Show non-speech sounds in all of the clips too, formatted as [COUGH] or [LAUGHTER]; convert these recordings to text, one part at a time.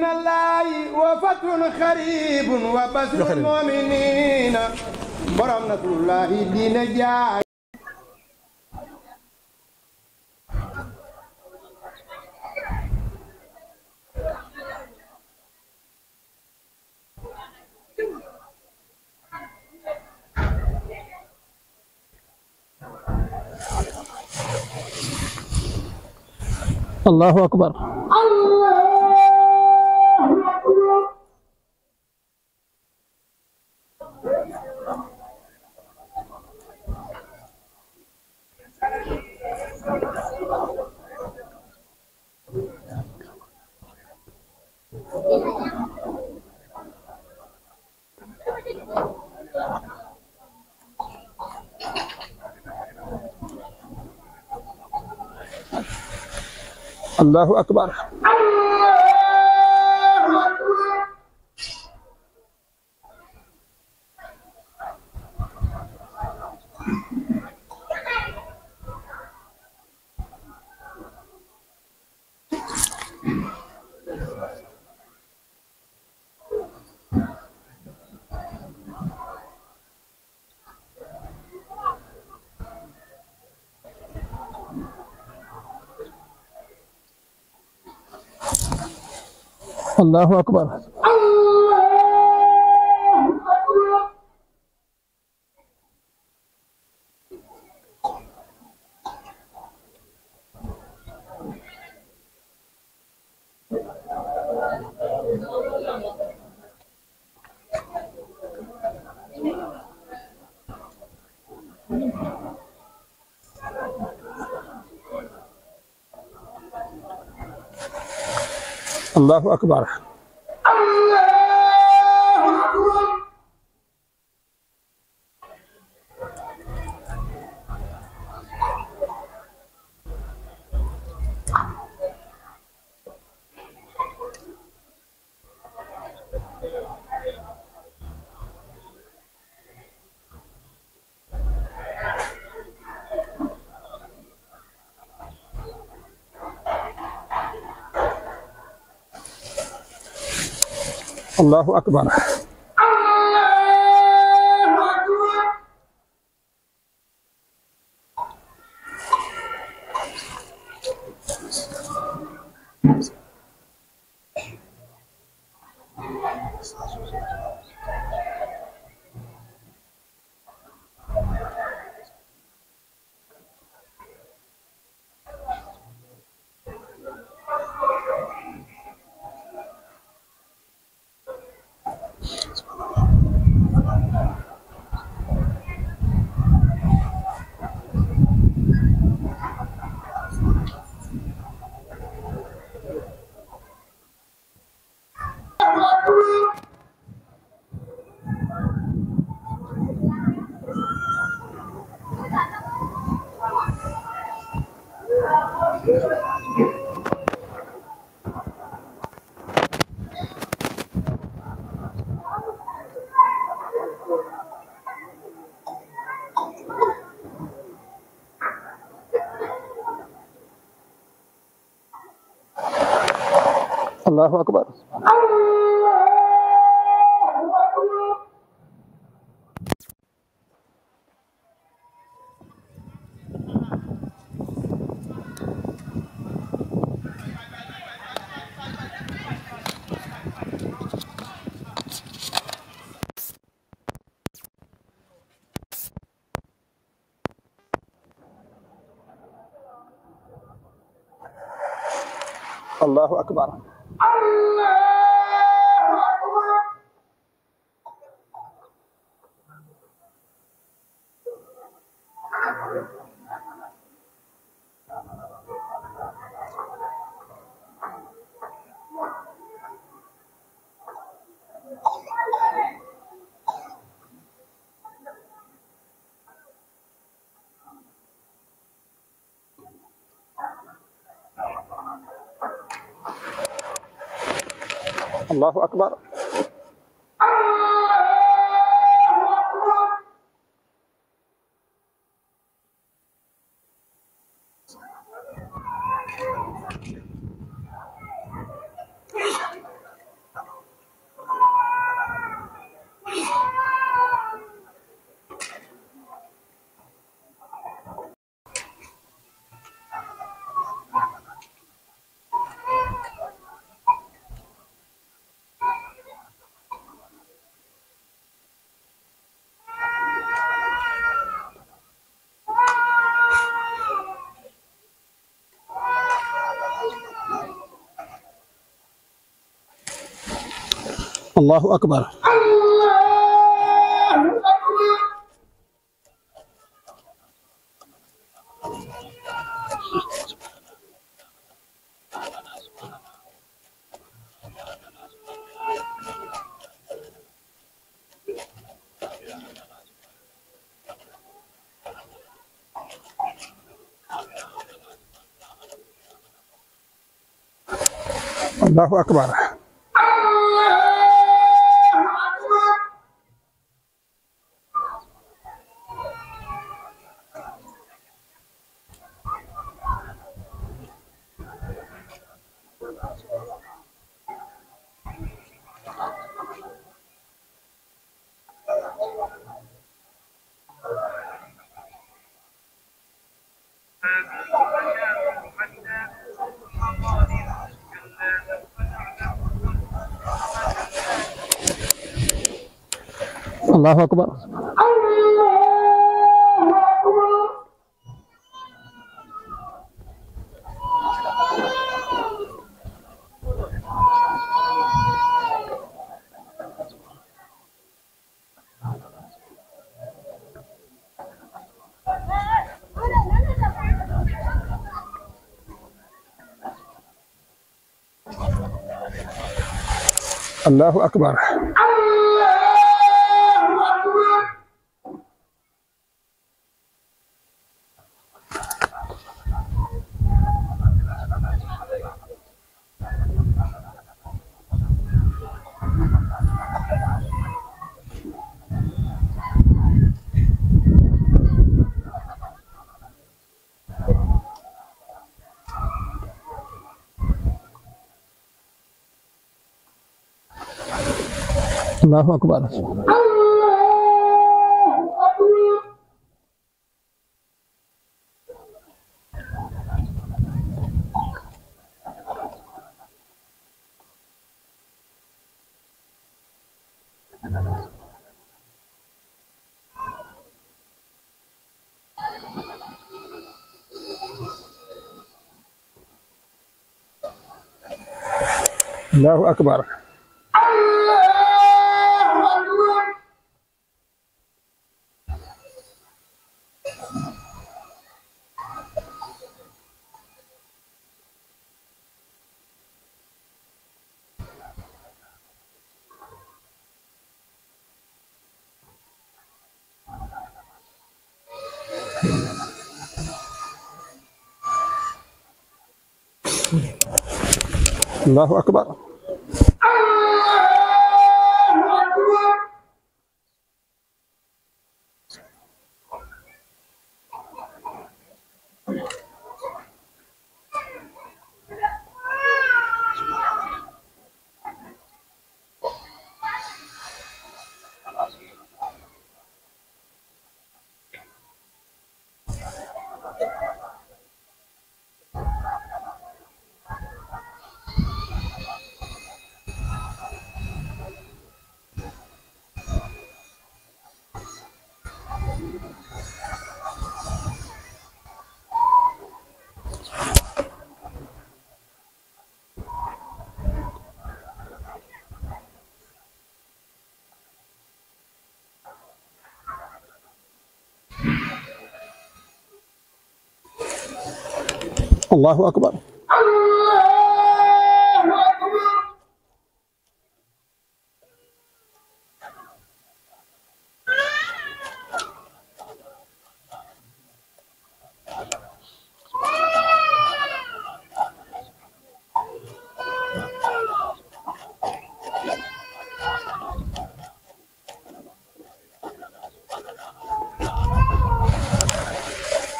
من الله وفتح خريب وبشر المؤمنين برمنا الله دين جاي الله أكبر allahu akbar allahu akbar الله أكبر allahu akbar الله أكبر الله أكبر আল্লাহ الله أكبر الله أكبر الله أكبر الله أكبر الله أكبر الله أكبر الله أكبر الله أكبر الله أكبر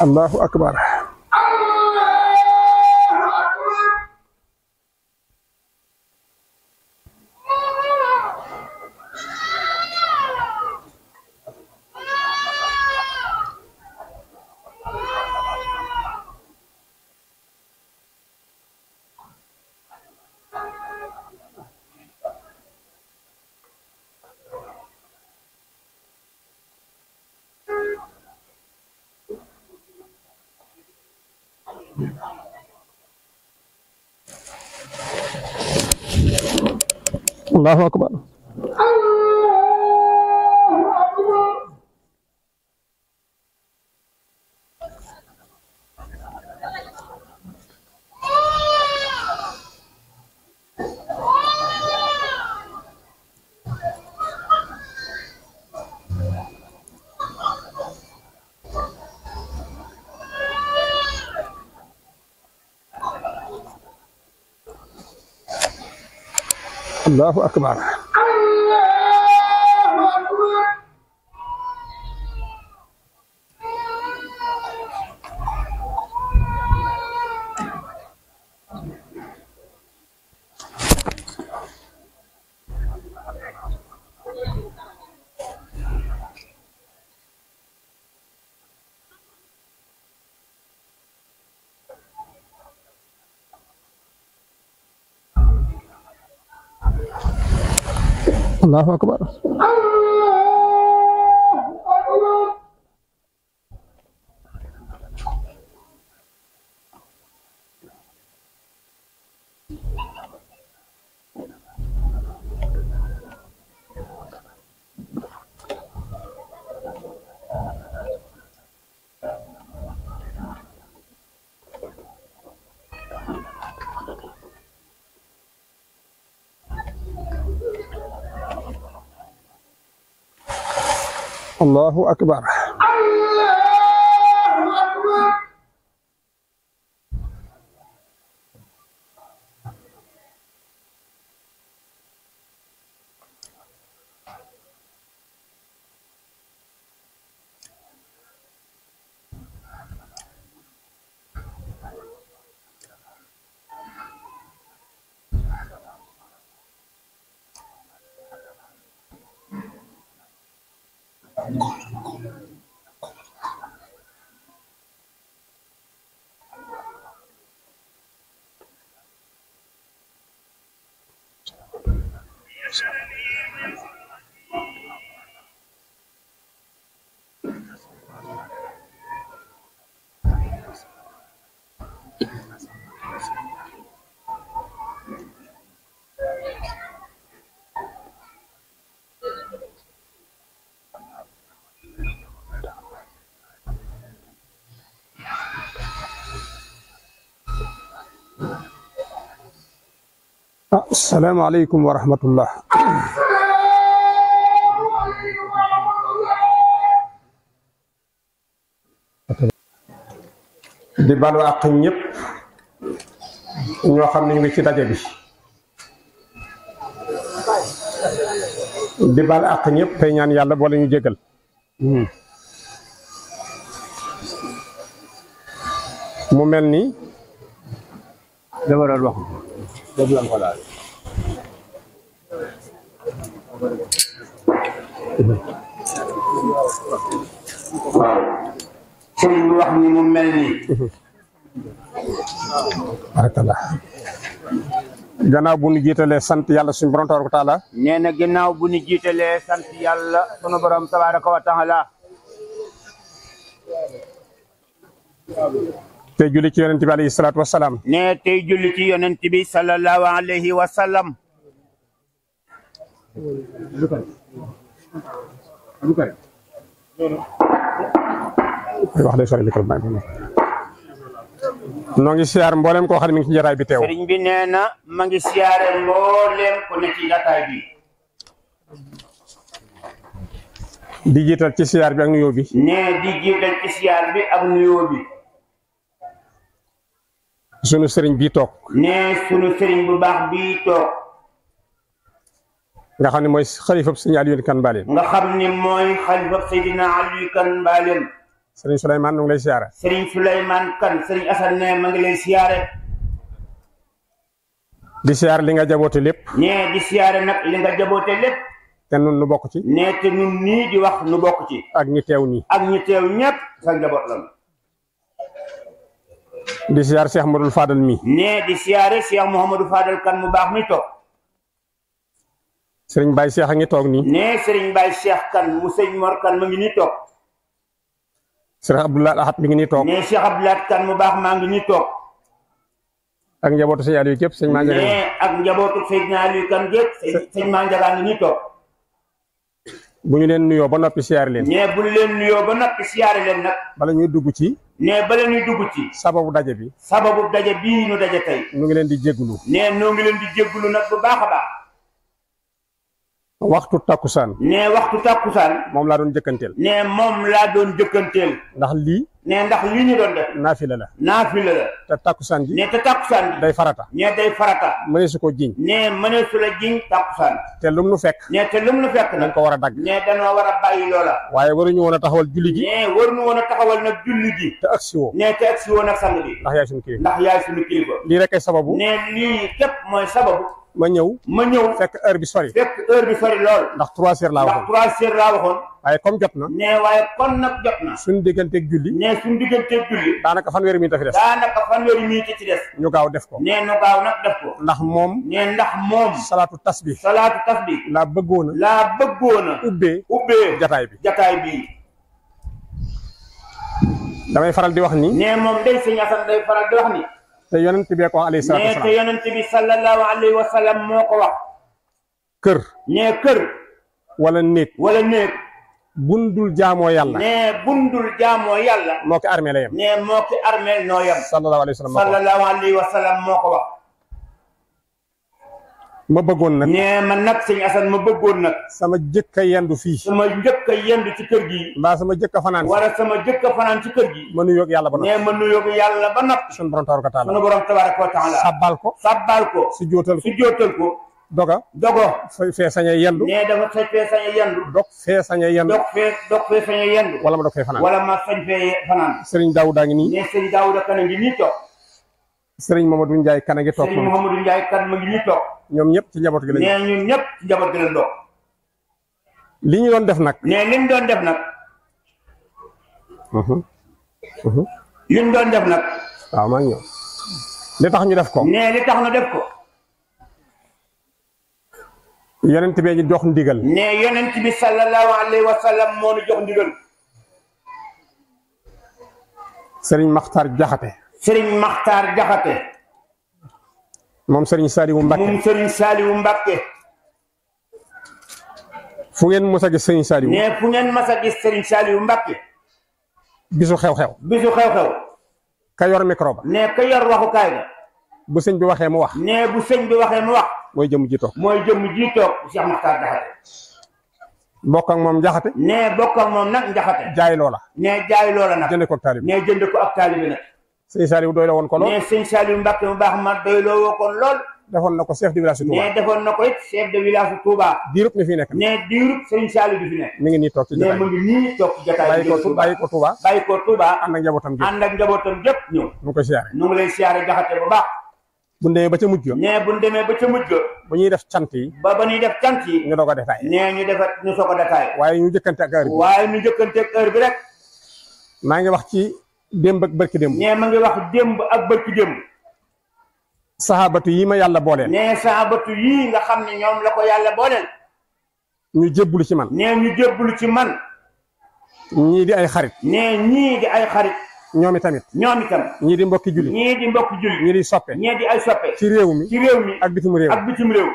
الله أكبر الله أكبر allahu akbar Allahu Akbar. الله أكبر السلام عليكم ورحمة الله di balu ak ñep ñoo xamni ngi ci daje bi di bal ak ñep tay ñaan yalla bo lañu jéggal mu melni dama doon wax boobu gannaaw bu nu jiitalee sant yàlla suñu borom tabaraka wa taala. nee na gannaaw bu nu jiitalee sant yàlla sunu borom tabaraka wa taala. tey julli ci yonent bi alayhi salaatu wa salaam. nee tey julli ci alayhi wa salaam. wax ngi siyaar mboolem koo xam mi ci jataay bi teew. sëriñ bi nee na ma siyaare mboolem ku ne ci jataay bi. di ci siyaar bi ak nuyoo bi. sunu sëriñ bii toog. nee sunu sëriñ bu baax bii nga xam ne mooy xalifab sëñ Aliou Kane Mbalem. nga xam ne mooy xalifab Seydina Aliou Kane sëriñ Souleymane nu ngi lay siyaare. sëriñ Souleymane Kane sëriñ Assane ne ma ngi lay siyaare. di siyaare li nga jaboote lépp. nee di siyaare nag li nga jaboote lépp. te nun nu bokk ci. nee te nun nii di wax nu bokk ci. ak ñi teew nii. ak ñi teew ñëpp di ziar Cheikh Modou Fadal mi ne di ziaré Cheikh mohamadou Fadal kan mu bax mi tok Serigne Baye Cheikh ngi tok ni ne Serigne Baye Cheikh kan mu Serigne Mor kan mu ngi ni tok Serigne Abdoulaye Ahad mi ngi ni tok ne Cheikh Abdoulaye kan mu bax ma ngi ni tok ak njabootu Serigne Aliou kep Serigne Mandiaga ne ak njabootu Serigne Aliou kan kep Serigne Mandiaga ngi ni tok buñu len nuyo ba nopi siyaare len ne buñu len nuyo ba nopi siyaare len nak bala ñu dugg ci ne bala ñuy dugg ci. sababu daje bi. sababu daje bii ñu daje tey. nu ngi leen di jégalu. ne nu ngi leen di jégalu nag bu baax a baax. waxtu takkusaan. ne waxtu takkusaan. moom laa doon jëkkanteel. ne moom laa doon jëkkanteel. ndax lii. ne ndax li ñu doon def. naafila la. naafila la. te takkusaan gi. ne te takkusaan gi. day farata. ne day farata. mënee su ko jiñ. ne mënee su la jiñ takkusaan. te lum nu fekk. ne te lum nu fekk nag. dañ ko war a dagg. ne danoo war a bàyyi loola. waaye war woon a taxawal julli ji. a taxawal nag julli ji. te agsi woo. ne te agsi woo nag sang bi. ndax yaay suñu kilifa. ndax yaay lii rek ay bu ne lii képp mooy sababu. ma ñëw ma ñëw fekk heure bi sori fekk heure bi sori lool ndax trois heures laa waxoon ndax trois heures laa waaye comme jot na ne waaye kon nag jot na suñ digganteeg julli ne suñ digganteeg julli daanaka fanweeri minute fi des daanaka fanweeri minute ci des ñu gaaw def ko ne ñu gaaw nag def ko ndax moom ne ndax moom salaatu tas bi salaatu tasbih laa bëggoona laa bëggoona ubbee ubbee jataay bi jataay bi damay faral di wax ni ne moom day sëñ Asan day faral di wax ni te yonent bi ko alayhi salaatu wasalaam. nee te yonent bi sallallahu alayhi wa sallam moo ko wax. kër. nee kër. wala néeg. wala néeg. bundul jaamoo yàlla. nee bundul jaamoo yàlla. moo ko armé la yem. nee moo ko armé noo yem. sallallahu alayhi wa sallam moo ko wax. ma bëggoon nak nee ma nag sëñ Assane ma bëggoon nak sama jëkk a yendu sama jëkk a yendu ci kër gi ma sama jëkk a fanaan wala sama jëkk a ci kër gi ma ak yalla ba nak nee ma ak yalla ba nak sun borom tawaraka taala sun borom tawaraka taala sabbal ko sabbal ko su jotal su jotal ko doga dogo fay sañ sañe yendu ne dafa fay fee sañe yendu dog fee sañ yendu dog fe. dog fee sañ yendu wala ma dog fe fanaan wala ma sañ fee fanaan serigne daouda ngi ni ne serigne daouda kan a ngi nii toog sëriñ Mamadou ndjay kan a ngi toog Mamadou ndjay kan ngi nii ñoom ñëpp ci njaboot gi lañ. nee ñëpp ci njaboot li ñu doon def nag. nee li ñu doon def nag. Mhm. Mhm. li doon def nag. waaw tax ñu def ko. nee li tax ñu def ko. yonent bee ñu jox ndigal. nee yonent bi sallallahu alayhi wa moo ñu jox ndigal. Serigne Makhtar Jaxate. Serigne Makhtar Jaxate. moom Serigne Saliou Mbacke moom Serigne Saliou Mbacke. fu ngeen mës a gis Serigne Saliou. mais fu ngeen mës a gis Serigne Saliou Mbacke. bisu xew-xew. bisu xew-xew. ka yor micro ba. waxukaay ba. bu sëñ bi waxee mu wax. mais bu sëñ bi waxee mu wax. mooy jëm ji mooy jëm ji toog Cheikh Makhtar Diakhaté. bokk ak moom njaxate. nee bokk ak moom nag njaxate. jaay loola. nee jaay loola nag. jënd ko ak taalibe. jënd ko ak taalibe nag. sëñ Saliou doyloo woon ko lol mais sëñ Saliou Mbacke mu bax ma doyloo wo ko lol defon nako chef de village Touba. mais defon nako it chef de village Touba. diirub mi fi nek mais diirub sëñ Saliou bi fi nek mi ngi ni tok ci jotaay mais mu ngi ni tok ci jotaay. bàyyi ko Touba bàyyi ko Touba. bàyyi ko Touba. and ak njabotam jep and ak njabotam jep ñew ñu ko siyaare. ñu ngi lay siyaare jaxate bu baax. bu ñu ba ca mujjo ne bu ndeme ba ca mujjo bu ñuy def cant yi. ba ba ñuy def cant yi. ñu doog a ne ñu def ñu soko a waye ñu jëkkante ak heure bi. waaye ñu jëkkante ak heure bi rek. ma ngi wax ci démb ak barki démb. nee ma ngi wax démb ak barki démb. saxaabatu yi ma yàlla booleel. nee saxaabatu yii nga xam ni ñoom la yàlla booleel. ñu jébbulu ci man. nee ñu jébbulu ci man. ñii di ay xarit. nee ñii di ay xarit. ñoom itamit. ñoom itam. ñii di mbokki julli. ñii di mbokki julli. soppe. ci réew mi ak bitim réew ak bitim réew.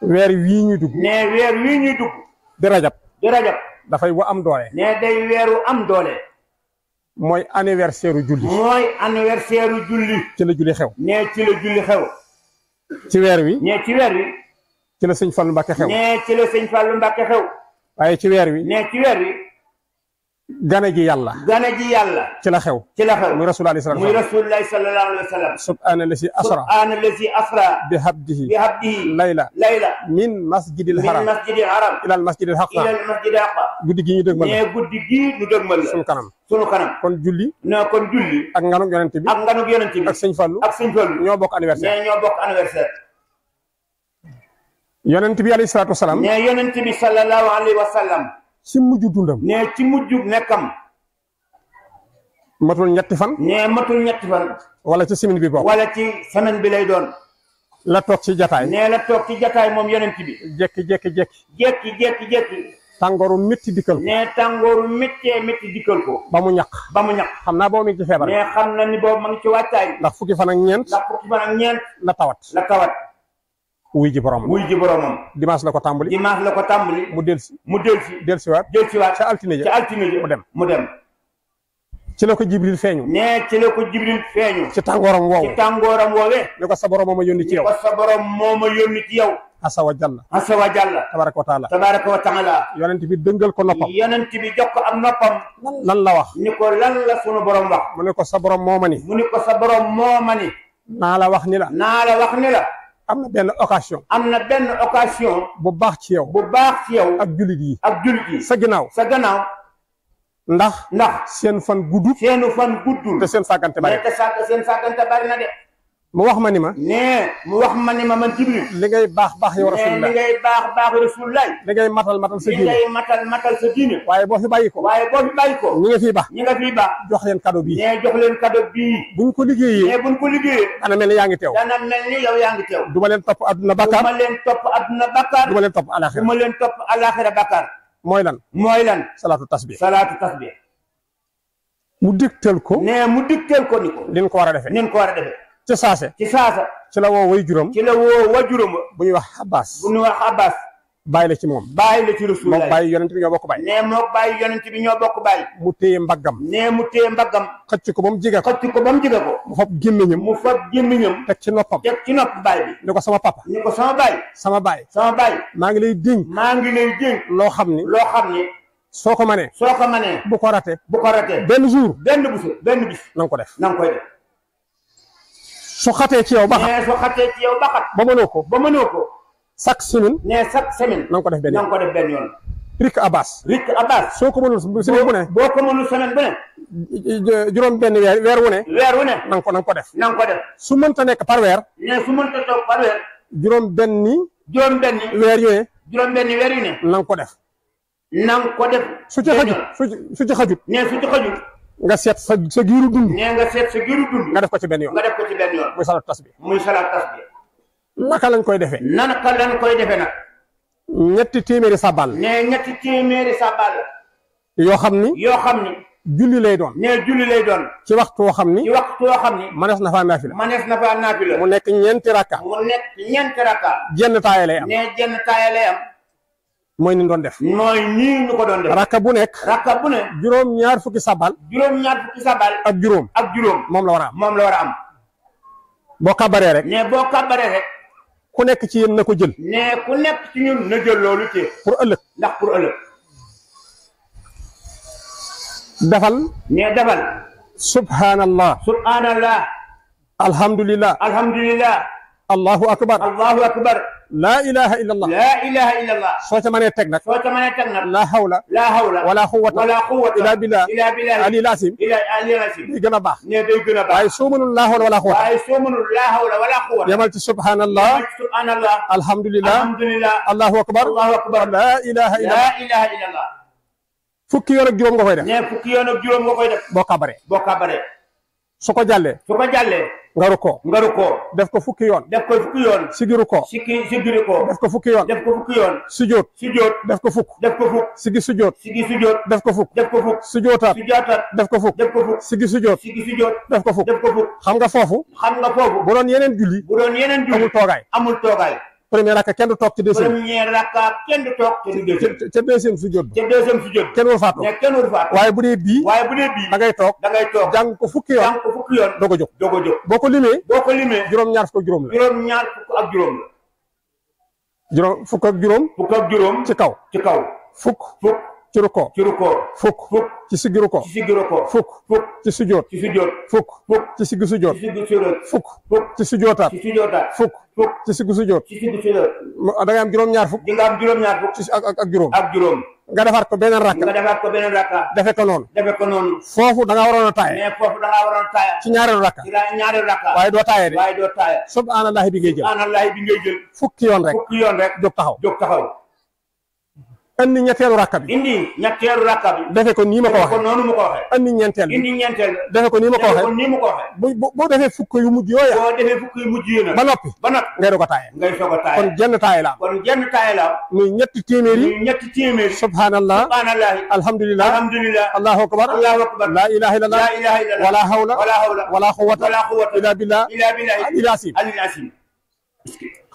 weer wii ñuy dugg. di rajab. di rajab. dafay wa am doole. nee day weeru am doole. mooy anniversaire julli. mooy anniversaire julli. ci la julli xew. nee ci la julli xew. ci weer wi. nee ci weer wi. ci la sëñ Fallou Mbacke xew. nee ci la sëñ Fallou Mbacke xew. waaye ci weer wi. nee ci weer wi. gane gi yàlla gane gi yàlla ci la xew ci la xew muy rasulullahi sallallahu alayhi wa sallam subhaana lazi asra subhaana lazi asra bi habdihi bi habdihi layla layla min masjidil haram min masjidil haram ila al masjidil haq ila al masjidil haq guddi gi ñu dëgmal mais guddi gi ñu dëgmal sunu kanam sunu kanam kon julli na kon julli ak nganuk yonent bi ak nganuk yonent bi ak sëñ Fallu ak sëñ Fallu ñoo bokk anniversaire mais ñoo bokk anniversaire yonent bi alayhi salatu wasalam mais yonent bi sallallahu alayhi wa sallam ci mujj dundam. ne ci mujj nekkam. matul ñetti fan. ne matul ñetti fan. wala ci semaine bi bokk. wala bi lay doon. la toog ci jataay. ne la toog ci jataay moom yonent bi. jekki jekki jekki. jekki jekki jekki. tàngooru métti dikkal ko. ne tàngooru méttee métti dikkal ko. ba mu ñaq. ba mu ñaq. xam naa boobu mi ngi ci feebar. ne xam na ni boobu ma ngi ci wàccaay. ndax fukki fan ak ñeent. ndax fukki fan ñeent. la tawat la tawat. wuy ji boromam wuy ji boromam dimanche la ko tàmbali dimanche la ko tàmbali mu delsi mu delsi delsiwaat delsiwaat ca altine ja ca altine ja mu dem mu dem ci la jibril feeñu ne ci la ko jibril feeñu ci tangoram woowu ci tangoram woowee ne ko sa borom moo ma yónni ci yow ko sa borom moo ma ci yow asa wa jalla asa wa jalla tabaraka wa taala tabarak wa taala yonent bi dëngal ko noppam yonent bi jox ko am noppam lan la wax ni ko lan la sunu borom wax mu ne ko sa borom moo ni mu ne ko sa borom moo ni naa la wax ni la naa la wax ni la am na benn occasion. am na benn occasion. bu baax ci bu baax ci ak jullit yi. ak jullit yi sa ginnaaw. sa ginnaaw. ndax. ndax seen fan guddul. seen fan guddul. te seen sàggante bari te seen sàggante bari de. mu wax ma ni ma nee mu wax ma ni ma man jibril li ngay bax bax yow ya rasulullah li ngay bax bax ya rasulullah li ngay matal matal sa diine li ngay matal matal sa diine waye bo fi bayiko waye bo fi bayiko ko ñi nga fi bax ñi nga fi bax jox leen cadeau bi ne jox leen cadeau bi buñ ko liggéeyee ne buñ ko liggéeyee ana melni yaangi tew ngi teew dana mel yow yaangi tew duma du ma leen topp àdduna bakkaar du ma leen topp àdduna bakkaar du ma leen top alakhirah du ma leen topp alaxira bakkaar mooy lan moy lan salatu tasbih salatu tasbih mu diktel ko ne mu diktel ko niko din ko wara a din ko wara a ci saase ci saasa ci la woo way juróom ci woo way juróom bu ñuy wax Abbas bu ñuy wax bàyyi la ci moom bàyyi la ci rasul moom bàyyi yonent bi ñoo bokk bàyyi nee moo bàyyi yonent bi ñoo bokk bàyyi mu téye mbaggam nee mu téye mbaggam xëcc ko ba mu jige ko xëcc ko ba mu jige ko mu fab gémmiñam mu fab gémmiñam teg ci noppam teg ci nopp bàyyi bi ni ko sama papa ni ko sama bàyyi sama bàyyi sama bàyyi maa ngi lay dénk maa ngi lay dénk loo xam ni loo xam ni soo ko manee soo ko manee bu ko ratee bu ko ratee benn benn benn bis ko def na nga su xatee ci yow ba xat. nee su xatee ci yow ba xat. ba ko ba mënoo ko. chaque semaine. nee ko def benn yoon na nga ko def benn Rik Abbas. Rik Abbas. soo ko mënul semaine bu ne. boo ko mënul semaine juróom benn weer weer wu ne. weer wu ne. na ko na nga ko def. na nga ko nekk par weer. nee juróom benn ni. juróom benn ni. weer yu ne. juróom benn weer yu ne. na nga ko def. na ko def. su ci xajut su ci xajut. nga seet sa sa giiru nga sa giiru dund. nga def ko ci benn yoon ko ci benn yoon. muy salaat tasbih. muy salaat tasbih. naka lañ koy defee. naka lañ koy defee nag. ñetti téeméeri sabbal. nee ñetti téeméeri sabbal. yoo xam ni. yoo xam ni. julli lay doon. nee julli lay doon. ci waxtu woo xam ni. ci waxtu woo xam ni. manees na faa naafila. manees na faa naafila. mu nekk ñeenti rakka. mu nekk ñeenti rakka. jenn taaya lay am. nee jenn taaya lay am. mooy ni ñu doon def. mooy nii ñu ko doon def. rakka bu nekk. rakka bu nekk. juróom ñaar fukki sabal. juróom ñaar fukki sabal. ak juróom. ak juróom moom la war am. moom la war am. boo kabaree rek. ne boo kabaree rek. ku nekk ci yéen na jël. ne ku nekk ci ñun na jël loolu ci. pour ëllëg ndax pour ëllëg. dafal. ne dafal. subhanallah. subhanallah. alhamdulillah. alhamdulillah. allahu akbar. allahu akbar. لا إله إلا الله لا إله إلا الله صوت من تقنك صوت من تقنك لا حول لا حول ولا قوة ولا قوة إلا بالله إلا بالله علي لازم إلا علي لازم يقنا باخ يقنا باخ أي سومن لا حول ولا قوة أي سومن لا حول ولا قوة يملت سبحان الله سبحان الله الحمد لله الحمد لله الله أكبر الله أكبر لا إله إلا الله لا إله إلا الله fukki yoon جوم juróom nga koy def. nee fukki yoon ak juróom nga koy def. boo kabaree su ko jàllee su ko jàllee nga rukkoo nga rukkoo def ko fukki yoon def ko fukki yoon sigiru ko sigi sigiru ko def ko fukki yoon def ko fukki yoon sujoot sujoot def ko fukk def ko fukk sigi sujoot sigi sujoot def ko fukk def ko fukk sujootaat sujootaat def ko fukk def ko fukk sigi sujoot sigi sujoot def ko fukk def ko fukk xam nga foofu xam nga foofu bu doon yeneen julli bu doon yeneen julli amul toogaay amul toogaay premier rakka kenn du toog ci deuxième. premier rakka kenn du toog ci deuxième. ca deuxième sujjóot kenn war faa waaye bu dee bii. waaye bu dee bii da toog. da ngay toog jàng ko fukki yoon. jàng ko fukki yoon doog a jóg. doog a boo ko limee. boo juróom-ñaar fukk ak juróom la. juróom-ñaar fukk ak juróom la. juróom fukk juróom. fukk ak juróom ci kaw. ci kaw fukk fukk. ci rukkoo ci rukkoo fukk fukk ci siggi rukkoo ci siggi rukkoo fukk fukk ci sujjoot ci sujjoot ci siggi sujjoot ci siggi sujjoot fukk fukk ci sujjootaat ci sujjootaat fukk ci siggi sujjoot ci siggi sujjoot da ngay am juróom-ñaar fukk di nga am juróom-ñaar fukk ci ak ak juróom ak juróom nga defaat ko beneen rakka nga defaat ko beneen rakka defe defe ko noonu foofu da waroon a taaya foofu da nga waroon a taaya ci ñaareelu rakka ci ñaareelu rakka waaye doo taaya de waaye doo taaya subhanallah bi ngay jël subhanallah bi ngay yoon rek fukki yoon rek jóg taxaw jóg taxaw andi ñettelu rakka bi indi ñettelu rakka bi defe ko ni ma ko waxee ko nonu ma ko waxee andi ñeenteel indi ñeenteel defe ko ni ma ko waxee ko nii ma ko waxee boo boo fukk yu mujj yo ya bo defé fukk yu mujj na ba nopi ba noppi ngay doog a taaye ngay soog a taaye kon jenn tayé la kon jenn tayé la muy ñett téméri muy ñett téméri subhanallah subhanallah alhamdulillah alhamdulillah allahu akbar allahu akbar la ilaha illallah la ilaha illallah wala hawla wala hawla wala quwwata wala quwwata illa billah illa billah al ilasim al ilasim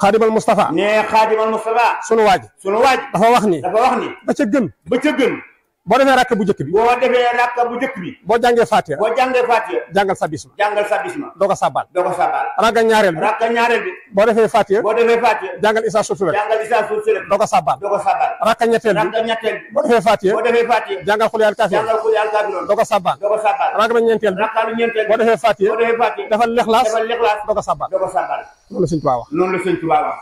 خادم المصطفى ني نعم، خادم المصطفى شنو واجب شنو واجب دا فا واخني دا فا واخني با تيغن با تيغن boo defee rakk bu njëkk bi boo defee rakk bu boo jàngee Fatiha boo jàngee Fatiha jàngal sa bisma jàngal sa bisma doo sabal doo ko sabal rakk ñaareel bi boo defee Fatiha boo defee Fatiha jàngal Isa Sutura jàngal Isa Sutura doo ko sabal doo ko sabal rakk ñetteel bi rakk ñetteel bi boo defee Fatiha boo defee Fatiha jàngal ko sabal doo ko sabal ñeenteel boo defee Fatiha defal lexlaas defal lexlaas la sëñ Tuubaa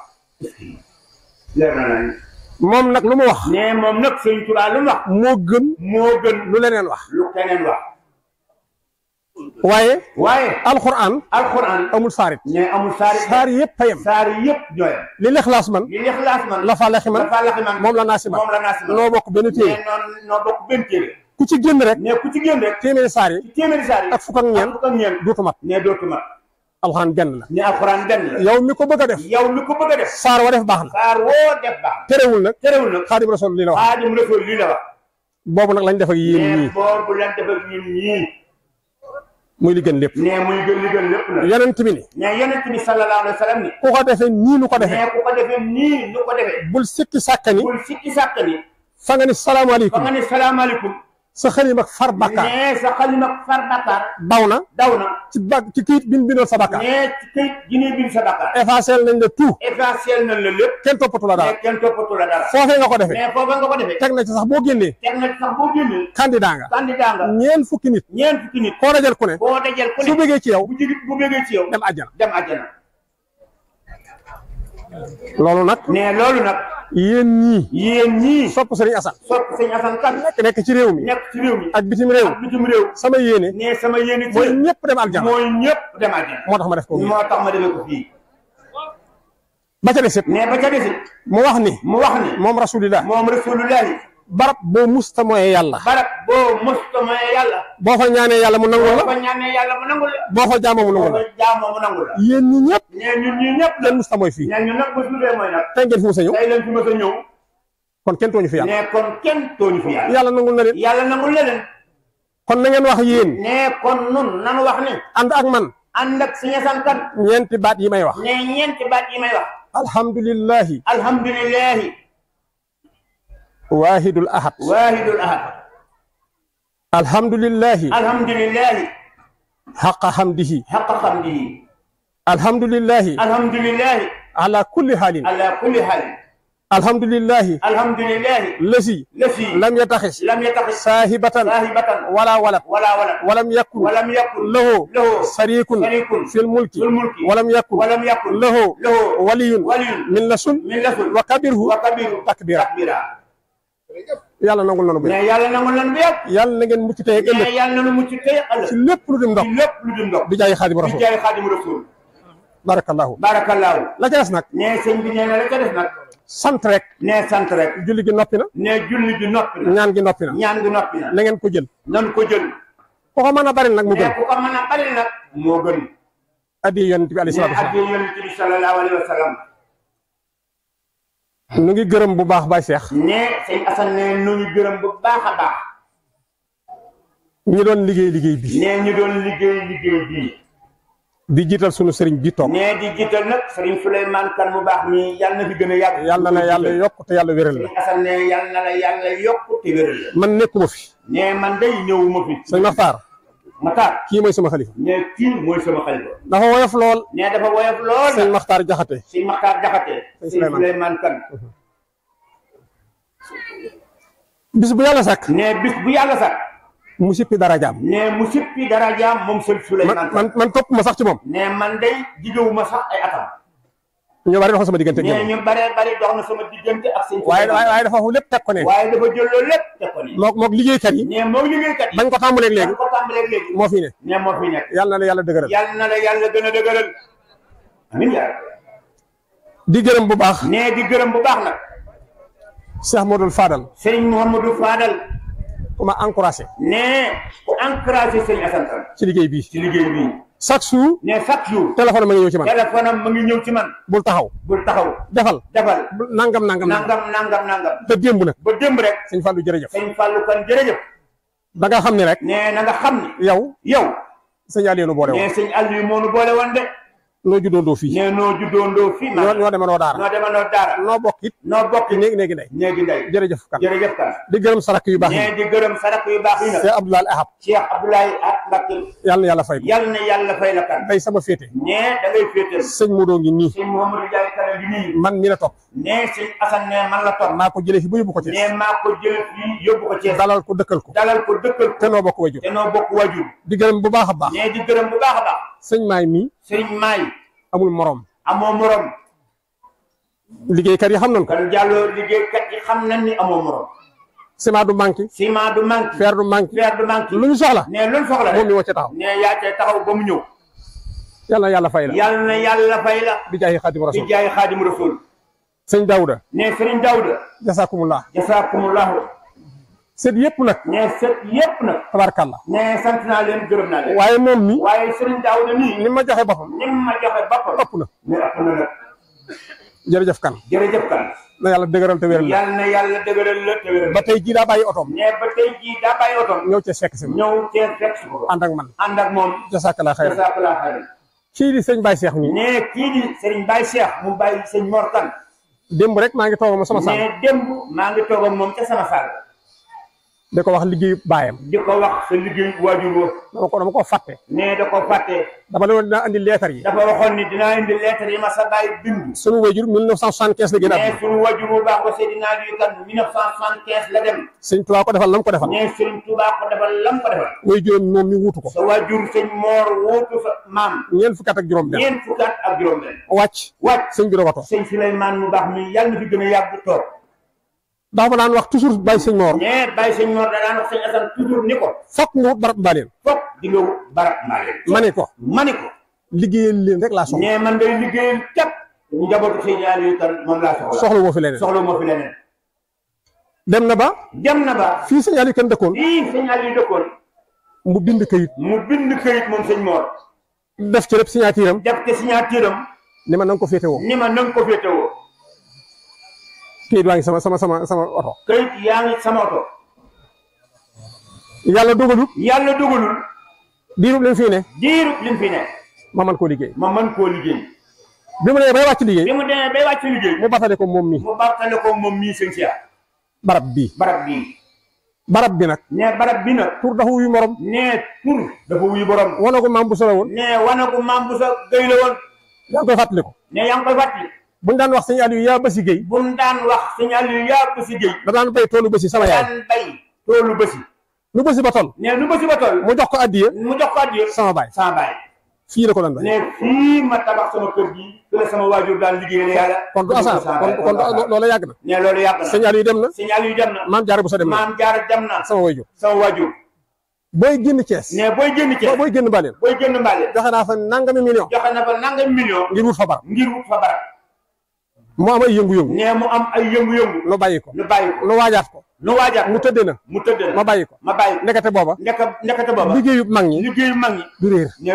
mom nak luma wax. ne mom nak sëñ touba luma wax. mo gën. mo gën lu leneen wax. lu keneen wax. waye waye alquran alquran amul sarit ne amul sarit sar yëpp a sar saar yëpp ñooyam. li l'ikhlas man. li l'ikhlas man. la falahi man. la faa man moom la naasi man. moom la naasi man noo bokk benn téere. mais noonu noo bokk benn téere. ku ci gën rek. ne ku ci gën rek. téeméeri saar yi. téeméeri ak fukk ak ñeent. ak fukk ak ñeent dootu mat. mais dootu mat. alxuraan benn la. ne alxuraan benn la. yow mi ko bëgg a def. yow ko bëgg a def. saar woo def baax na. saar woo def baax na. terewul nag. terewul nag xaadim rasul lii la wax. xaadim boobu nag lañ def ak yéen ñii. mais boobu lañ def ak yéen ñii. muy li gën gën li gën lépp la. yonent bi ni. ne yonent bi sallallahu alayhi wa sallam ni. ku ko defee nii nu ko defee. mais ku ko defee nii nu ko defee. bul sikki sàkkani. bul sikki sàkkani. salaamaaleykum. fa salaamaaleykum. sa xalim ak far bàkkaar nee sa xalim ak far bàkkaar daw na daw na ci ba ci këyit bi ñu bindoon sa bàkkaar nee ci këyit gi ñu bind sa bàkkaar effacé nañ la lépp kenn toppatu la dara kenn nga ko defee teg na ci sax boo génnee teg na ci sax boo génnee candidat nga candidat fukki nit ñeent fukki nit koo dajal ku koo dajal ku ne su bëggee ci yow bu bëggee ci yow dem àjjana dem àjjana loolu nak né loolu nak yeen ñi yeen ñi sopp sëriñ Assane sopp sëriñ Assane kan Nek nek ci réew mi nek ci réew mi ak bitim réew bitim réew sama yene né sama ci moy ñepp dem aljana moy ñepp dem aljana motax ma def ko motax ma def ko fi ba ca desit né ba ca desit mu wax ni mu wax ni mom rasulullah mom rasulullah barab boo musta mooyee yàlla. barab boo musta mooyee yàlla. boo ko ñaanee yàlla mu nangu la. boo ko ñaanee yàlla mu nangu la. boo ko jaamoo mu nangu la. boo ko jaamoo mu nangu la. yéen ñëpp. la. yéen musta mooy fii. ñun nag bu tuddee mooy fi mos a ñëw. fi mos a ñëw. kon kenn tooñu fi yàlla. mais kon kenn yàlla. nangul na leen. kon na ngeen wax yéen. mais kon nun nanu wax ni. ànd ak man. ànd ak suñu santan. ñeenti baat yi may wax. mais ñeenti baat yi may wax. واحد الأحد واحد الأحد الحمد لله الحمد لله حق حمده حق حمده الحمد لله الحمد لله على كل حال على كل حال الحمد لله الحمد لله الذي لم يتخس لم يتخس صاحبة صاحبة ولا ولد ولا ولد ولم يكن ولم يكن له له شريك في الملك الملك ولم يكن ولم يكن له له ولي ولي من لسن من لسن وكبره وكبره تكبيرا yàlla nangul nanu bu yàgg yàlla nangul nanu bu yàgg yàlla na ngeen mucc tey ak ëllëg yàlla nanu mucc tey lépp lu dim ndox ci lépp lu dim rasul barakallahu la ca nag nee na la ca sant rek nee sant rek julli gi noppi na nee julli gi noppi na ñaan gi noppi na ñaan gi noppi na na ngeen ko jël nan ko jël ku ko baril nag mu ko mën a baril moo gën addi yonent bi alayhi salaatu salaam nu ngi gërëm bu baax Baye Cheikh. ne sëñ Assane ne nu ngi gërëm bu baaxa a baax. ñi doon liggéey liggéey bi. ne ñu doon liggéey liggéey bi. di jital suñu sëriñ bi tok ne di jital nak sëriñ Souleymane kan bu baax ni yalla na fi gëna yag yalla na yalla yok te yalla wërël la. Assane ne yàlla na yalla yok te wërël la. man nekkuma fi. ne man day ñewuma fi. sëñ Makhtar. Matar kii mooy sama xalifa. ne kii mooy sama xalifa. dafa woyof lool. ne dafa woyof lool. sëñ Maxtaar Jaxate. sëñ Maxtaar Jaxate. sëñ Souleymane Kan bis bu yàlla sàkk. ne bis bu yàlla sàkk. mu sippi dara jaam. ne mu sippi dara jaam moom sëñ Souleymane Kan man man topp ma sax ci moom. ne man day jigéewu ma sax ay atam. ñu bari dox sama diggante ñoom ñu bari bari dox na sama diggante ak seen waaye waaye dafa xaw lépp teg ko ne waaye dafa jël loolu lépp teg ko ne mook mook liggéeykat yi ñe mook liggéeykat yi bañ ko tàmbalee léegi ko tàmbalee léegi moo fi ne ñe moo fi nekk yàlla na la yàlla dëgëral yàlla na la yàlla gën dëgëral amin ya di gërëm bu baax ne di gërëm bu baax nag cheikh modou fadal mohamadou fadal kuma encouragé ne ku encouragé serigne assane ci liggéey bi ci liggéey bi chaque jour ne chaque jour téléphone ma ngi ñëw ci man téléphone ñëw ci bul taxaw bul taxaw defal defal nangam nangam nangam nangam nangam ba démb nag ba démb rek sëñ Fallou jërëjëf sëñ Fallou kan jërëjëf da nga xam ni rek ne na xam ne yow yaw sëñ Aliou nu boole ne sëñ Aliou moo nu noo fi ne no noo juddoondoo fii. no noo demandoo daara. noo demandoo daara. noo bokk it. noo bokk it néegi néegi ndey. néegi ndey. jef kan. jef kan. di geureum sarak yu bax ne di geureum sarak yu bax yi Cheikh Abdoulaye Ahab. Cheikh Abdoulaye Ahab nak yalla yalla fay yalla ne yalla fay la kan. day sama fete ne da ngay fete seigne Modou ngi ni seigne momadou jay Kala ngi ni man mi la top ne seigne Assane ne man la top mako jele fi bu yobuko ci ne mako jele fi yobuko ci dalal ko dekkal ko. dalal ko dekkal ko. te no bokku wajur. te no bokku wajur. di geureum bu baakha baax. ne di geureum bu baakha baax. سيغ ماي مي سيغ ماي امول موروم امو موروم ليغي كات يخمن نكو كان جالو ليغي كات يخمن ني امو موروم سيما دو مانكي سيما دو مانكي فير دو مانكي فير دو مانكي لوني سوخلا ني لون سوخلا مومي واتي تاخو ني يا تي تاخو بام نيو يالا فايلا يالا يالا فايلا بجاي خادم رسول بجاي خادم رسول سيغ داوودا ني سيغ داوودا جزاكم الله جزاكم الله sët yëpp nag. nee sët yëpp nag. tabarkalla. nee sant ni ma joxe boppam. ni na. nee ëpp na nag. kan. jërëjëf kan. na yàlla dëgëral te wéral la. yàlla na yàlla ba tey jii daa bàyyi otoom. mais ba tey ñëw cee fekk si ma. ñëw man. ànd ak moom. jasakalaa xayra di sëñ Baye seex mi. mais kii di sëñ Baye Cheikh mu bàyyi sëñ Mor Kane. rek maa ngi toog moom sama saal. mais sama saal. da ko wax liggéeyu baayam di ko wax sa liggéeyu waajur ko dama ko fàtte ne da ko fàtte dafa la woon dinaa indi leetar yi dafa waxoon dinaa indi leetar yi ma sa baay bind sunu waajur 1975 la gën a ne sunu waajur bu baax ko Seydina Aliou Kane 1975 la dem ko defal lam ko defal ne sëñ Touba ko defal lam ko mi wuutu ko sa waajur sëñ Moor wuutu fa maam ñeent fukki ak juróom benn ñeent fukki at ak juróom benn wàcc wàcc sëñ bi mu baax mi yàlla a yàgg toog daa ma daan wax toujours Baye Sëñ Mor. ñeer Baye Sëñ daan wax Sëñ toujours ni ko. fokk nga wut barab mbaaleen. fokk di nga barab mbaaleen. ma ne ko ma ne ko. liggéeyal leen rek laa soxla. ñee man day liggéeyal soxla. soxla moo fi leneen soxla moo fi leneen. dem na ba. dem na ba. fii Sëñ Aliou kenn dëkkoon. fii Sëñ Aliou dëkkoon. mu bind kayit. mu bind kayit moom Sëñ Mor. def ci rek signature am. def ci signature am. ni ma na ko féetewoo. woo ma na nga ko këyit waa ngi sama sama sama sama oto. këyit yaa ngi sama oto. yàlla dugalul. yàlla dugalul. diirub lim fii ne. diirub lim fii koo liggéey. ma mën koo liggéey. bi mu demee bay wàcc liggéey. bi mu demee ko moom mii. mu bartale ko moom mii sëñ Cheikh. barab bii. barab bii. barab bi nag. nee barab bi nag. tur dafa wuyu morom. nee tur. dafa wuyu borom. wane ko maam bu sa la woon. nee wane ko maam bu sa gëy la woon. yaa ngi bu ñu daan wax sëñ Aliou yaa Bassi geey bu ñu daan wax sëñ Aliou yaa Bassi geey da daan bay toolu Bassi sama yaay daan bay tolu Bassi lu Bassi ba toll ne lu Bassi ba mu jox ko mu jox ko sama bay sama bay fi la ko doon bay ne fi ma tabax sama kër gi la sama waajur daan ne yàlla kon do asa kon kon loolu yàgg na ne loolu yagna na Aliou dem na sëñ Aliou dem na mam jaara bu sa dem na mam jaara dem na sama wajur sama wajur boy genn Thiès ne boy genn Thiès boy genn Mbalène boy genn Mbalène joxana fa nangami million joxana fa nangami million ngir wut fa bar ngir wut fa bar mu am ay yëngu-yëngu. nee mu am ay yëngu-yëngu. nu bàyyi ko nu bàyyi ko waajaat ko. nu waajaat mu tëdd na. mu tëdd ma bàyyi ko ma bàyyi ko nekkate booba. nekka nekkate booba liggéeyu mag ñi. liggéeyu mag ñi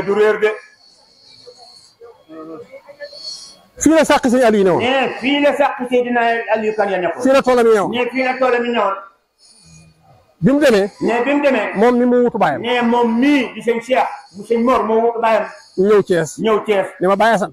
du la sàq sëñ Aliou ne woon. nee fii la sàq sëñ dina Aliou kan ya nekkoon. fii la toolam yi ne woon. nee fii la toolam yi ne woon. bi mu demee. nee mu demee. moom mi mu wutu baayam. nee moom mii di sëñ Cheikh. mu sëñ Mor moo wutu baayam. ñëw Thiès ñëw Thiès. ni ma bàyyi san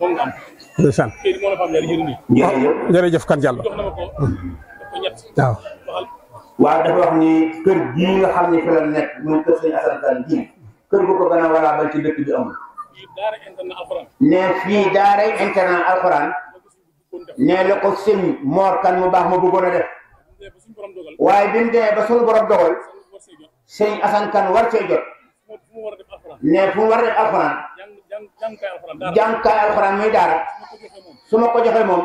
moom nga hmm. fi la nekk muy kër sëñ Assane alxuraan. ne la ko sëñ kan mu baax ma bëggoon def. waaye bi ba suñu borom dogal. sëñ Assane Kane war cee jot. ne fu war def alxuraan. jànkaay alxuraan muy daara su ma ko joxee moom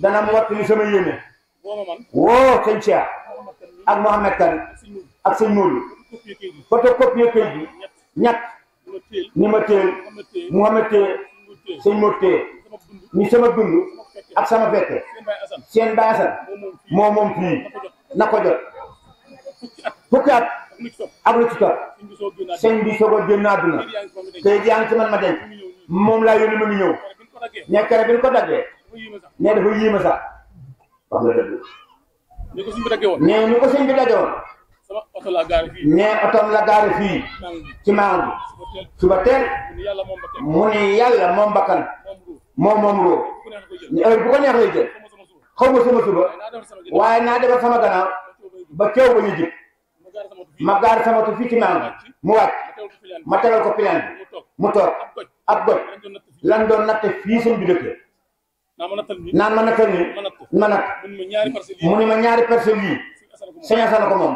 dana mottali sama yéene woo sëñ Cheikh ak Mouhamed Kane ak sëñ Mourou photocopie kayit bi ñett ni ma téel Mouhamed téel sëñ Mourou téel ni sama dund ak sama fekke seen Baye Assane moo moom fii na ko jot fukki at ak lu ci topp sëñ bi soog a génn àdduna kayit yaa ngi ci man ma denc moom laa yónni ma ngi ñëw mais bi ñu ko daggee mais dafa yéeme sax wax nga dëgg mais ni ko sëñ bi daggee woon mais la gaare fii ci maam bi suba teel mu ni yàlla moom bakkan moom moom roo heure bu ko neex lay jël xaw ma suba waaye naa defar sama gannaaw ba teew ba ñu jib maggaar sama tu fii ci maam mu wàcc ma tegal ko pilaan bi mu toog ab goj lan doon natte fii sëñ bi dëkkee naan ma nattal ni ma natt mu ni ma ñaari parcelles yii sëñ asana ko moom